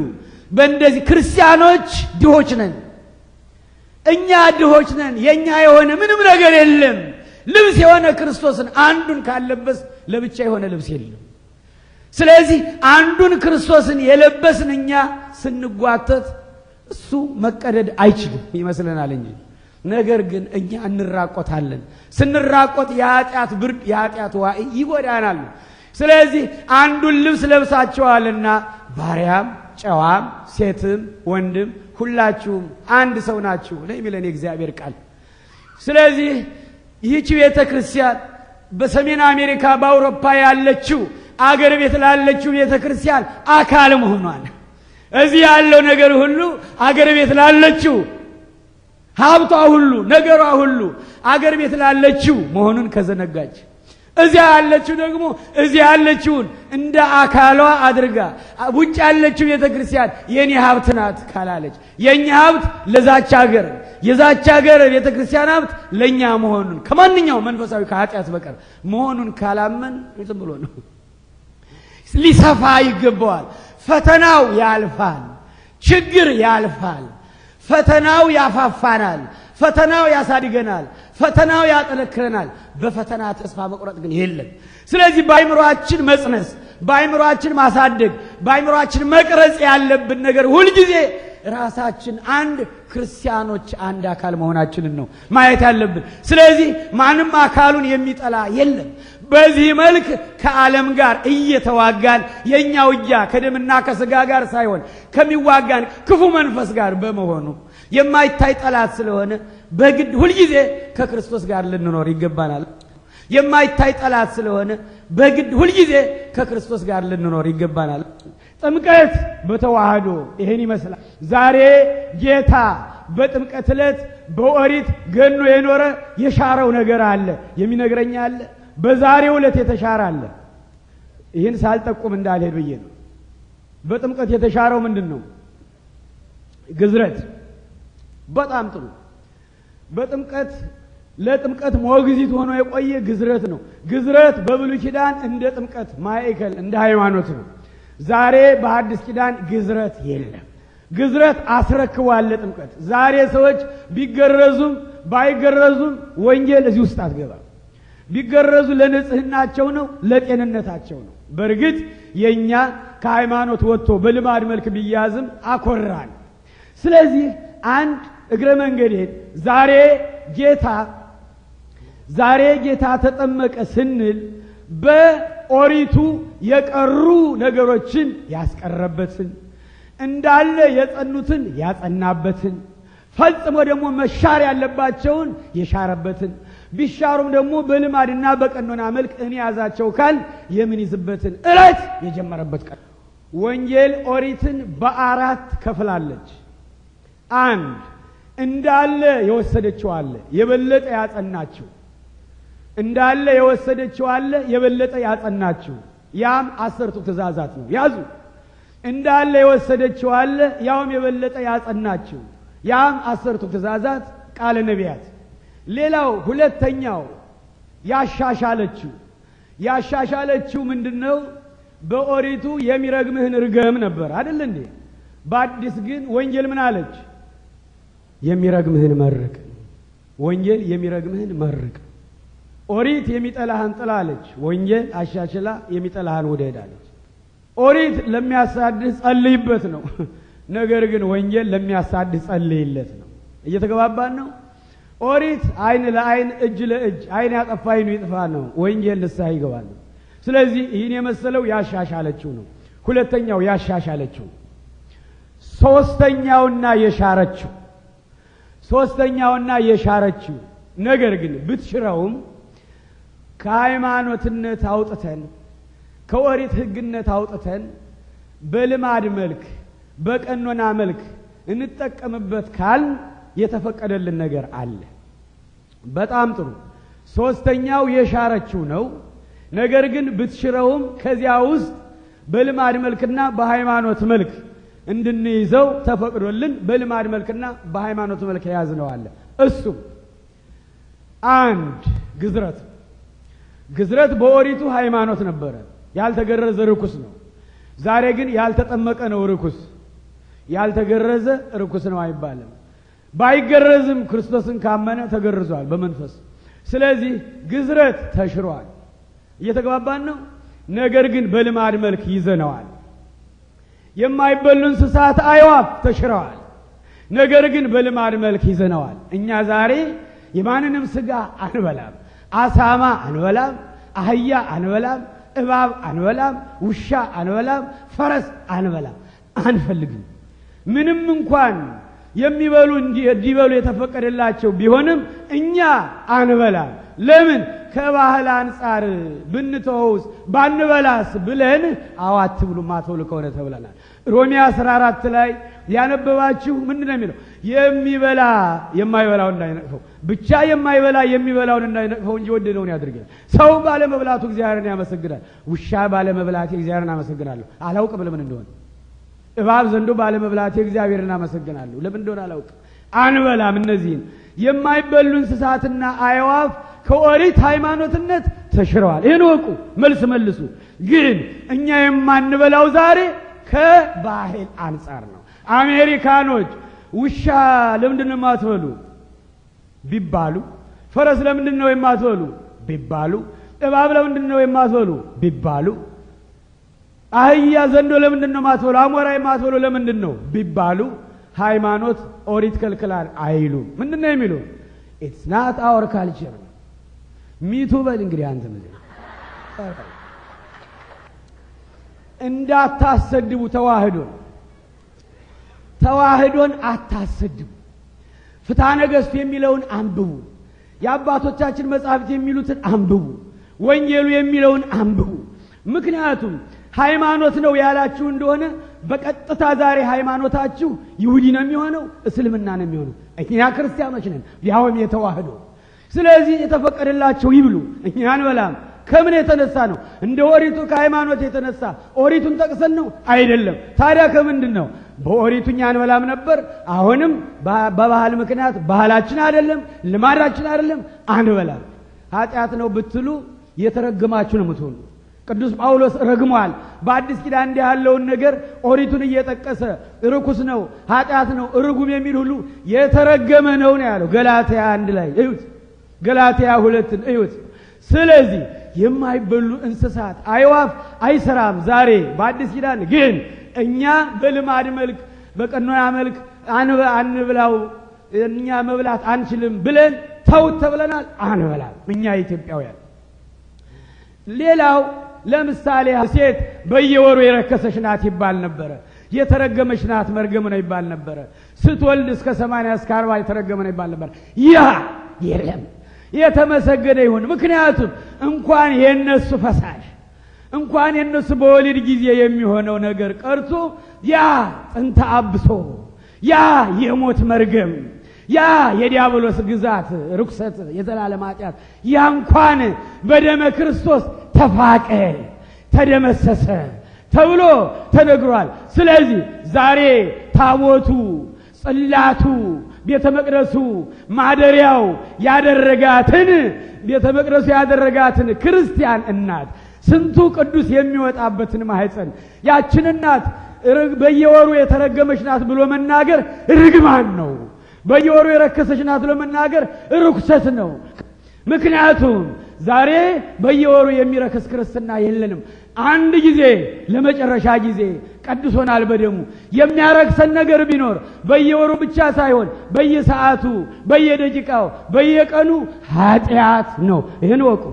በእንደዚህ ክርስቲያኖች ድሆች ነን። እኛ ድሆች ነን። የእኛ የሆነ ምንም ነገር የለም። ልብስ የሆነ ክርስቶስን አንዱን ካለበስ ለብቻ የሆነ ልብስ የለም። ስለዚህ አንዱን ክርስቶስን የለበስን እኛ ስንጓተት እሱ መቀደድ አይችልም ይመስለናል እንጂ ነገር ግን እኛ እንራቆታለን። ስንራቆት የኃጢአት ብርድ የኃጢአት ዋይ ይጎዳናል። ስለዚህ አንዱን ልብስ ለብሳቸዋልና ባሪያም ጨዋም ሴትም ወንድም ሁላችሁም አንድ ሰው ናችሁ ነው የሚለን የእግዚአብሔር ቃል። ስለዚህ ይህች ቤተ ክርስቲያን በሰሜን አሜሪካ በአውሮፓ ያለችው አገር ቤት ላለችው ቤተ ክርስቲያን አካል መሆኗል። እዚህ ያለው ነገር ሁሉ አገር ቤት ላለችው ሀብቷ ሁሉ ነገሯ ሁሉ አገር ቤት ላለችው መሆኑን ከዘነጋች እዚያ ያለችው ደግሞ እዚያ ያለችውን እንደ አካሏ አድርጋ ውጭ ያለችው ቤተ ክርስቲያን የኔ ሀብት ናት ካላለች የእኛ ሀብት ለዛች ሀገር የዛች ሀገር ቤተ ክርስቲያን ሀብት ለእኛ መሆኑን ከማንኛውም መንፈሳዊ ከኃጢአት በቀር መሆኑን ካላመን ዝም ብሎ ነው። ሊሰፋ ይገባዋል። ፈተናው ያልፋል። ችግር ያልፋል። ፈተናው ያፋፋናል። ፈተናው ያሳድገናል። ፈተናው ያጠነክረናል። በፈተና ተስፋ መቁረጥ ግን የለም። ስለዚህ በአይምሯችን መጽነስ፣ በአይምሯችን ማሳደግ፣ በአይምሯችን መቅረጽ ያለብን ነገር ሁልጊዜ ራሳችን አንድ ክርስቲያኖች አንድ አካል መሆናችንን ነው ማየት ያለብን። ስለዚህ ማንም አካሉን የሚጠላ የለም። በዚህ መልክ ከዓለም ጋር እየተዋጋን የእኛ ውጊያ ከደምና ከስጋ ጋር ሳይሆን ከሚዋጋን ክፉ መንፈስ ጋር በመሆኑ የማይታይ ጠላት ስለሆነ በግድ ሁልጊዜ ከክርስቶስ ጋር ልንኖር ይገባናል። የማይታይ ጠላት ስለሆነ በግድ ሁልጊዜ ከክርስቶስ ጋር ልንኖር ይገባናል። ጥምቀት በተዋህዶ ይህን ይመስላል። ዛሬ ጌታ በጥምቀት ዕለት በኦሪት ገኖ የኖረ የሻረው ነገር አለ፣ የሚነግረኝ አለ በዛሬ ዕለት የተሻረ አለ። ይህን ሳልጠቁም እንዳልሄድ ብዬ ነው። በጥምቀት የተሻረው ምንድን ነው? ግዝረት። በጣም ጥሩ። በጥምቀት ለጥምቀት ሞግዚት ሆኖ የቆየ ግዝረት ነው። ግዝረት በብሉይ ኪዳን እንደ ጥምቀት ማዕከል እንደ ሃይማኖት ነው። ዛሬ በአዲስ ኪዳን ግዝረት የለም። ግዝረት አስረክቧል ለጥምቀት። ዛሬ ሰዎች ቢገረዙም ባይገረዙም ወንጌል እዚህ ውስጥ አትገባም። ቢገረዙ ለንጽህናቸው ነው፣ ለጤንነታቸው ነው። በእርግጥ የእኛ ከሃይማኖት ወጥቶ በልማድ መልክ ቢያዝም አኮራል። ስለዚህ አንድ እግረ መንገዴን ዛሬ ጌታ ዛሬ ጌታ ተጠመቀ ስንል በኦሪቱ የቀሩ ነገሮችን ያስቀረበትን እንዳለ የጸኑትን ያጸናበትን ፈጽሞ ደግሞ መሻር ያለባቸውን የሻረበትን ቢሻሩም ደግሞ በልማድና በቀኖና መልክ እኔ ያዛቸው ካል የምንይዝበትን እለት የጀመረበት ቀን ወንጌል ኦሪትን በአራት ከፍላለች። አንድ እንዳለ የወሰደችው አለ የበለጠ ያጸናችው እንዳለ የወሰደችው አለ የበለጠ ያጸናችው ያም አሰርቱ ትእዛዛት ነው። ያዙ እንዳለ የወሰደችው አለ ያውም የበለጠ ያጸናችው ያም አሰርቱ ትእዛዛት ቃለ ነቢያት ሌላው ሁለተኛው ያሻሻለችው ያሻሻለችው ምንድነው በኦሪቱ የሚረግምህን ርገም ነበር አይደል እንዴ? በአዲስ ግን ወንጌል ምን አለች? የሚረግምህን መርቅ። ወንጌል የሚረግምህን መርቅ። ኦሪት የሚጠላህን ጥላ አለች። ወንጌል አሻሽላ የሚጠላህን ውደድ አለች። ኦሪት ለሚያሳድስ ጸልይበት ነው። ነገር ግን ወንጌል ለሚያሳድስ ጸልይለት ነው። እየተገባባን ነው። ኦሪት አይን ለአይን እጅ ለእጅ አይን ያጠፋ አይኑ ይጥፋ ነው። ወንጌል ንስሐ ይገባል። ስለዚህ ይህን የመሰለው ያሻሻለችው ነው። ሁለተኛው ያሻሻለችው፣ ሶስተኛውና የሻረችው ሶስተኛውና የሻረችው ነገር ግን ብትሽረውም ከሃይማኖትነት አውጥተን ከኦሪት ሕግነት አውጥተን በልማድ መልክ በቀኖና መልክ እንጠቀምበት ካል የተፈቀደልን ነገር አለ። በጣም ጥሩ። ሶስተኛው የሻረችው ነው። ነገር ግን ብትሽረውም ከዚያ ውስጥ በልማድ መልክና በሃይማኖት መልክ እንድንይዘው ተፈቅዶልን በልማድ መልክና በሃይማኖት መልክ የያዝነው አለ። እሱም አንድ ግዝረት። ግዝረት በኦሪቱ ሃይማኖት ነበረ፣ ያልተገረዘ ርኩስ ነው። ዛሬ ግን ያልተጠመቀ ነው ርኩስ። ያልተገረዘ ርኩስ ነው አይባልም። ባይገረዝም ክርስቶስን ካመነ ተገርዟል በመንፈስ ስለዚህ ግዝረት ተሽሯል እየተግባባን ነው ነገር ግን በልማድ መልክ ይዘነዋል የማይበሉ እንስሳት አይዋፍ ተሽረዋል ነገር ግን በልማድ መልክ ይዘነዋል እኛ ዛሬ የማንንም ስጋ አንበላም አሳማ አንበላም አህያ አንበላም እባብ አንበላም ውሻ አንበላም ፈረስ አንበላም አንፈልግም ምንም እንኳን የሚበሉ እንዲበሉ የተፈቀደላቸው ቢሆንም እኛ አንበላም። ለምን ከባህል አንጻር ብንተውስ ባንበላስ ብለን አዋት ብሉ ማተውል ከሆነ ተብለናል። ሮሜ 14 ላይ ያነበባችሁ ምንድን ነው የሚለው? የሚበላ የማይበላው እንዳይነቅፈው፣ ብቻ የማይበላ የሚበላውን እንዳይነቅፈው እንጂ ወደደውን ያድርገን። ሰው ባለመብላቱ እግዚአብሔርን ያመሰግናል። ውሻ ባለመብላቴ እግዚአብሔርን አመሰግናለሁ አላውቅም ለምን እንደሆነ እባብ ዘንዶ ባለመብላቴ እግዚአብሔርን አመሰግናለሁ። ለምን እንደሆነ አላውቅም። አንበላም። እነዚህን የማይበሉ እንስሳትና አዕዋፍ ከኦሪት ሃይማኖትነት ተሽረዋል። ይህን ወቁ፣ መልስ መልሱ። ግን እኛ የማንበላው ዛሬ ከባህል አንጻር ነው። አሜሪካኖች ውሻ ለምንድን ነው የማትበሉ ቢባሉ፣ ፈረስ ለምንድን ነው የማትበሉ ቢባሉ፣ እባብ ለምንድን ነው የማትበሉ ቢባሉ አህያ ዘንዶ ለምንድን ነው ማትበሉ? አሞራይ ማትበሉ ለምንድን ነው ቢባሉ ሃይማኖት ኦሪት ከልክላል አይሉ ምንድን ነው የሚሉ ኢትስ ናት አወር ካልቸር ሚቱ በል እንግዲህ አንተ ምዝ እንዳታሰድቡ ተዋህዶን ተዋህዶን አታሰድቡ። ፍትሐ ነገሥቱ የሚለውን አንብቡ። የአባቶቻችን መጻሕፍት የሚሉትን አንብቡ። ወንጌሉ የሚለውን አንብቡ። ምክንያቱም ሃይማኖት ነው ያላችሁ እንደሆነ በቀጥታ ዛሬ ሃይማኖታችሁ ይሁዲ ነው የሚሆነው፣ እስልምና ነው የሚሆነው። እኛ ክርስቲያኖች ነን፣ ያውም የተዋህዶ። ስለዚህ የተፈቀደላቸው ይብሉ፣ እኛ አንበላም። ከምን የተነሳ ነው? እንደ ኦሪቱ ከሃይማኖት የተነሳ ኦሪቱን ጠቅሰን ነው አይደለም። ታዲያ ከምንድን ነው? በኦሪቱ እኛ አንበላም ነበር። አሁንም በባህል ምክንያት ባህላችን አይደለም፣ ልማዳችን አይደለም፣ አንበላም። ኃጢአት ነው ብትሉ የተረገማችሁ ነው የምትሆኑ ቅዱስ ጳውሎስ ረግሟል። በአዲስ ኪዳን እንዲህ ያለውን ነገር ኦሪቱን እየጠቀሰ ርኩስ ነው፣ ኃጢአት ነው፣ እርጉም የሚል ሁሉ የተረገመ ነው ነው ያለው። ገላትያ አንድ ላይ እዩት፣ ገላትያ ሁለትን እዩት። ስለዚህ የማይበሉ እንስሳት፣ አይዋፍ አይሰራም ዛሬ በአዲስ ኪዳን ግን እኛ በልማድ መልክ በቀኖና መልክ አንብላው እኛ መብላት አንችልም ብለን ተውት ተብለናል። አንበላም እኛ ኢትዮጵያውያን ሌላው ለምሳሌ ሴት በየወሩ የረከሰች ናት ይባል ነበረ። የተረገመች ናት መርገም ነው ይባል ነበረ። ስትወልድ እስከ ሰማንያ እስከ አርባ የተረገመ ነው ይባል ነበረ። ያ የለም የተመሰገነ ይሁን። ምክንያቱም እንኳን የነሱ ፈሳሽ እንኳን የነሱ በወሊድ ጊዜ የሚሆነው ነገር ቀርቶ ያ ጥንተ አብሶ ያ የሞት መርገም ያ የዲያብሎስ ግዛት ርኩሰት፣ የዘላለም ኃጢአት ያ እንኳን በደመ ክርስቶስ ተፋቀ፣ ተደመሰሰ ተብሎ ተነግሯል። ስለዚህ ዛሬ ታቦቱ፣ ጽላቱ፣ ቤተ መቅደሱ ማደሪያው ያደረጋትን ቤተ መቅደሱ ያደረጋትን ክርስቲያን እናት ስንቱ ቅዱስ የሚወጣበትን ማህፀን ያችን እናት በየወሩ የተረገመች ናት ብሎ መናገር ርግማን ነው። በየወሩ የረከሰች ናት ብሎ መናገር ርኩሰት ነው። ምክንያቱም ዛሬ በየወሩ የሚረክስ ክርስትና የለንም። አንድ ጊዜ ለመጨረሻ ጊዜ ቀድሶናል በደሙ። የሚያረክሰን ነገር ቢኖር በየወሩ ብቻ ሳይሆን በየሰዓቱ፣ በየደቂቃው፣ በየቀኑ ኃጢአት ነው። ይህን ወቁ።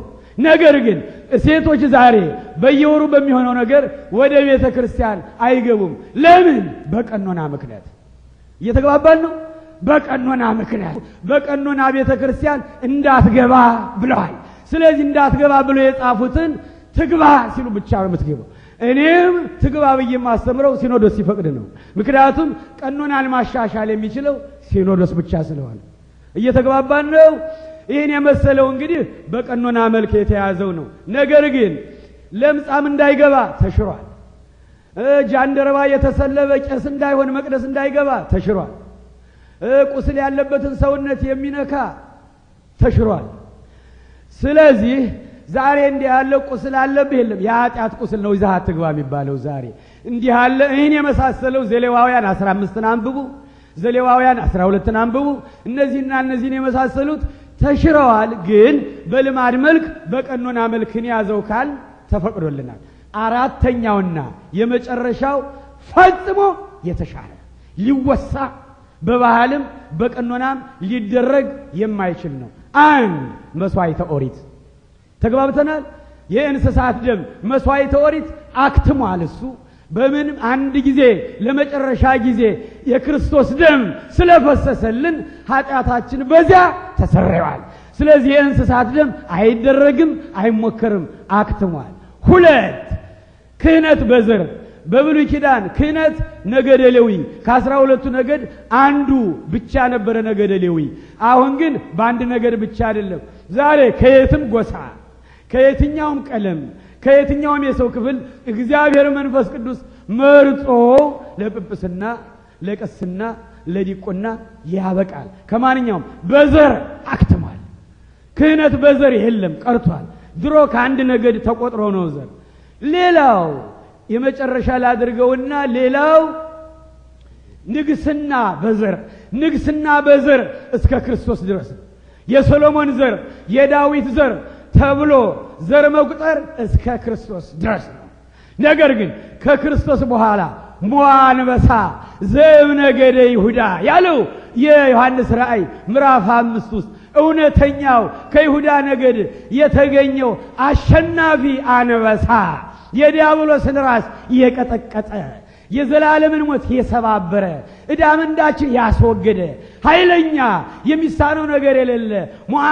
ነገር ግን ሴቶች ዛሬ በየወሩ በሚሆነው ነገር ወደ ቤተ ክርስቲያን አይገቡም። ለምን? በቀኖና ምክንያት። እየተግባባን ነው። በቀኖና ምክንያት በቀኖና ቤተ ክርስቲያን እንዳትገባ ብለዋል። ስለዚህ እንዳትገባ ብሎ የጻፉትን ትግባ ሲሉ ብቻ ነው የምትገበው እኔም ትግባ ብዬ የማስተምረው ሲኖዶስ ሲፈቅድ ነው። ምክንያቱም ቀኖናን ማሻሻል የሚችለው ሲኖዶስ ብቻ ስለሆነ እየተግባባን ነው። ይህን የመሰለው እንግዲህ በቀኖና መልክ የተያዘው ነው። ነገር ግን ለምጻም እንዳይገባ ተሽሯል። ጃንደረባ የተሰለበ ቄስ እንዳይሆን መቅደስ እንዳይገባ ተሽሯል። ቁስል ያለበትን ሰውነት የሚነካ ተሽሯል። ስለዚህ ዛሬ እንዲህ ያለ ቁስል አለብህ የለም። የኃጢአት ቁስል ነው ይዘህ አትግባ የሚባለው ዛሬ እንዲህ ያለ ይህን የመሳሰለው ዘሌዋውያን አስራ አምስትን አንብቡ፣ ዘሌዋውያን አስራ ሁለትን አንብቡ። እነዚህና እነዚህን የመሳሰሉት ተሽረዋል፣ ግን በልማድ መልክ በቀኖና መልክን ያዘው ካል ተፈቅዶልናል። አራተኛውና የመጨረሻው ፈጽሞ የተሻለ ሊወሳ በባህልም በቀኖናም ሊደረግ የማይችል ነው። አንድ መስዋዕተ ኦሪት ተግባብተናል። የእንስሳት ደም መስዋዕተ ኦሪት አክትሟል። እሱ በምን አንድ ጊዜ ለመጨረሻ ጊዜ የክርስቶስ ደም ስለፈሰሰልን ኃጢአታችን በዚያ ተሰረዋል። ስለዚህ የእንስሳት ደም አይደረግም፣ አይሞከርም፣ አክትሟል። ሁለት ክህነት በዘር በብሉይ ኪዳን ክህነት ነገደ ሌዊ ከአስራ ሁለቱ ነገድ አንዱ ብቻ ነበረ ነገደ ሌዊ። አሁን ግን በአንድ ነገድ ብቻ አይደለም። ዛሬ ከየትም ጎሳ፣ ከየትኛውም ቀለም፣ ከየትኛውም የሰው ክፍል እግዚአብሔር መንፈስ ቅዱስ መርጦ ለጵጵስና፣ ለቅስና፣ ለዲቁና ያበቃል። ከማንኛውም በዘር አክትሟል። ክህነት በዘር የለም ቀርቷል። ድሮ ከአንድ ነገድ ተቆጥሮ ነው ዘር ሌላው የመጨረሻ ላድርገውና ሌላው ንግስና በዘር ንግስና በዘር እስከ ክርስቶስ ድረስ የሰሎሞን የሶሎሞን ዘር፣ የዳዊት ዘር ተብሎ ዘር መቁጠር እስከ ክርስቶስ ድረስ ነው። ነገር ግን ከክርስቶስ በኋላ ሞዓ አንበሳ ነገደ ይሁዳ ያለው የዮሐንስ ራእይ ምዕራፍ አምስት ውስጥ እውነተኛው ከይሁዳ ነገድ የተገኘው አሸናፊ አንበሳ የዲያብሎስን ራስ የቀጠቀጠ የዘላለምን ሞት የሰባበረ እዳምንዳችን ምንዳችን ያስወገደ ኃይለኛ የሚሳነው ነገር የሌለ ሙአ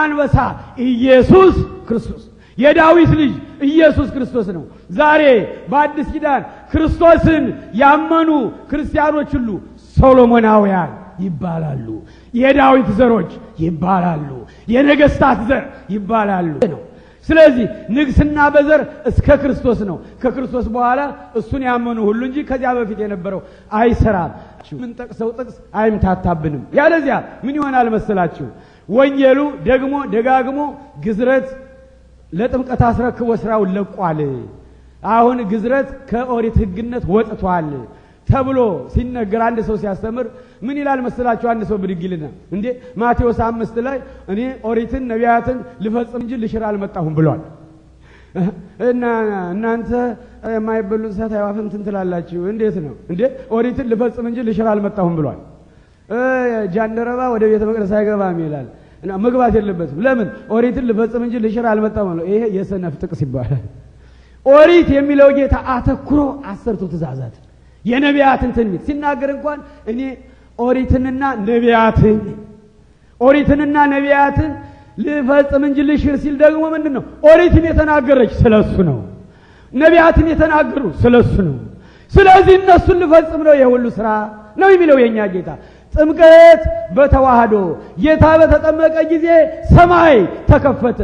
ኢየሱስ ክርስቶስ የዳዊት ልጅ ኢየሱስ ክርስቶስ ነው። ዛሬ በአዲስ ኪዳን ክርስቶስን ያመኑ ክርስቲያኖች ሁሉ ሶሎሞናውያን ይባላሉ፣ የዳዊት ዘሮች ይባላሉ፣ የነገስታት ዘር ይባላሉ ነው። ስለዚህ ንግስና በዘር እስከ ክርስቶስ ነው። ከክርስቶስ በኋላ እሱን ያመኑ ሁሉ እንጂ ከዚያ በፊት የነበረው አይሰራም። ምን ጠቅሰው ጥቅስ አይምታታብንም። ያለዚያ ምን ይሆናል መሰላችሁ? ወንጌሉ ደግሞ ደጋግሞ ግዝረት ለጥምቀት አስረክቦ ስራውን ለቋል። አሁን ግዝረት ከኦሪት ህግነት ወጥቷል ተብሎ ሲነገር አንድ ሰው ሲያስተምር ምን ይላል መሰላችሁ? አንድ ሰው ብድግ ይልና እንዴ ማቴዎስ አምስት ላይ እኔ ኦሪትን ነቢያትን ልፈጽም እንጂ ልሽር አልመጣሁም ብሏል። እና እናንተ የማይበሉ እንስሳት አዕዋፍን ትንትላላችሁ ትላላችሁ እንዴት ነው እንዴ? ኦሪትን ልፈጽም እንጂ ልሽር አልመጣሁም ብሏል። ጃንደረባ ወደ ቤተ መቅደስ አይገባም ይላል። መግባት የለበትም ለምን? ኦሪትን ልፈጽም እንጂ ልሽር አልመጣሁም ብሏል። ይሄ የሰነፍ ጥቅስ ይባላል። ኦሪት የሚለው ጌታ አተኩሮ አሰርቱ ትእዛዛት የነቢያትን ትንቢት ሲናገር እንኳን እኔ ኦሪትንና ነቢያትን ኦሪትንና ነቢያትን ልፈጽም እንጂ ልሽር ሲል ደግሞ ምንድን ነው? ኦሪትን የተናገረች ስለ እሱ ነው። ነቢያትን የተናገሩ ስለ እሱ ነው። ስለዚህ እነሱን ልፈጽም ነው የሁሉ ስራ ነው የሚለው የእኛ ጌታ። ጥምቀት በተዋህዶ ጌታ በተጠመቀ ጊዜ ሰማይ ተከፈተ።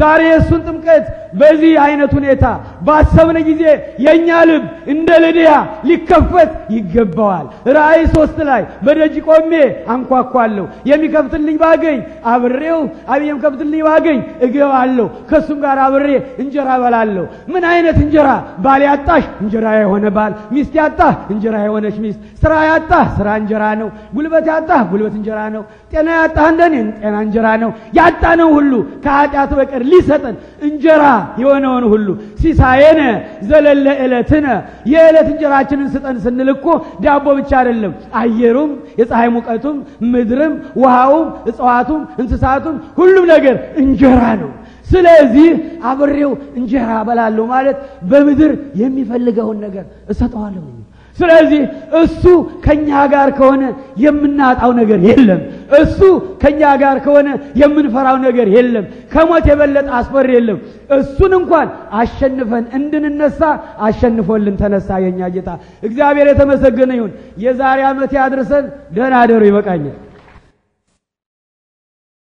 ዛሬ የእሱን ጥምቀት በዚህ አይነት ሁኔታ ባሰብነ ጊዜ የእኛ ልብ እንደ ልድያ ሊከፈት ይገባዋል። ራእይ ሶስት ላይ በደጅ ቆሜ አንኳኳለሁ፣ የሚከፍትልኝ ባገኝ አብሬው አብ የሚከፍትልኝ ባገኝ እገባለሁ፣ ከእሱም ጋር አብሬ እንጀራ በላለሁ። ምን አይነት እንጀራ? ባል ያጣሽ እንጀራ የሆነ ባል፣ ሚስት ያጣህ እንጀራ የሆነች ሚስት፣ ስራ ያጣህ ስራ እንጀራ ነው፣ ጉልበት ያጣህ ጉልበት እንጀራ ነው፣ ጤና ያጣህ እንደኔ ጤና እንጀራ ነው። ያጣ ነው ሁሉ ከኃጢአት በቀር ሊሰጠን እንጀራ የሆነውን ሁሉ ሲሳየነ ዘለለ ዕለትነ የዕለት እንጀራችንን ስጠን ስንል እኮ ዳቦ ብቻ አይደለም። አየሩም፣ የፀሐይ ሙቀቱም፣ ምድርም፣ ውሃውም፣ እጽዋቱም፣ እንስሳቱም ሁሉም ነገር እንጀራ ነው። ስለዚህ አብሬው እንጀራ በላለሁ ማለት በምድር የሚፈልገውን ነገር እሰጠዋለሁ። ስለዚህ እሱ ከኛ ጋር ከሆነ የምናጣው ነገር የለም። እሱ ከኛ ጋር ከሆነ የምንፈራው ነገር የለም። ከሞት የበለጠ አስፈሪ የለም። እሱን እንኳን አሸንፈን እንድንነሳ አሸንፎልን ተነሳ የኛ ጌታ። እግዚአብሔር የተመሰገነ ይሁን። የዛሬ ዓመት ያድርሰን። ደህና አደሩ። ይበቃኛል።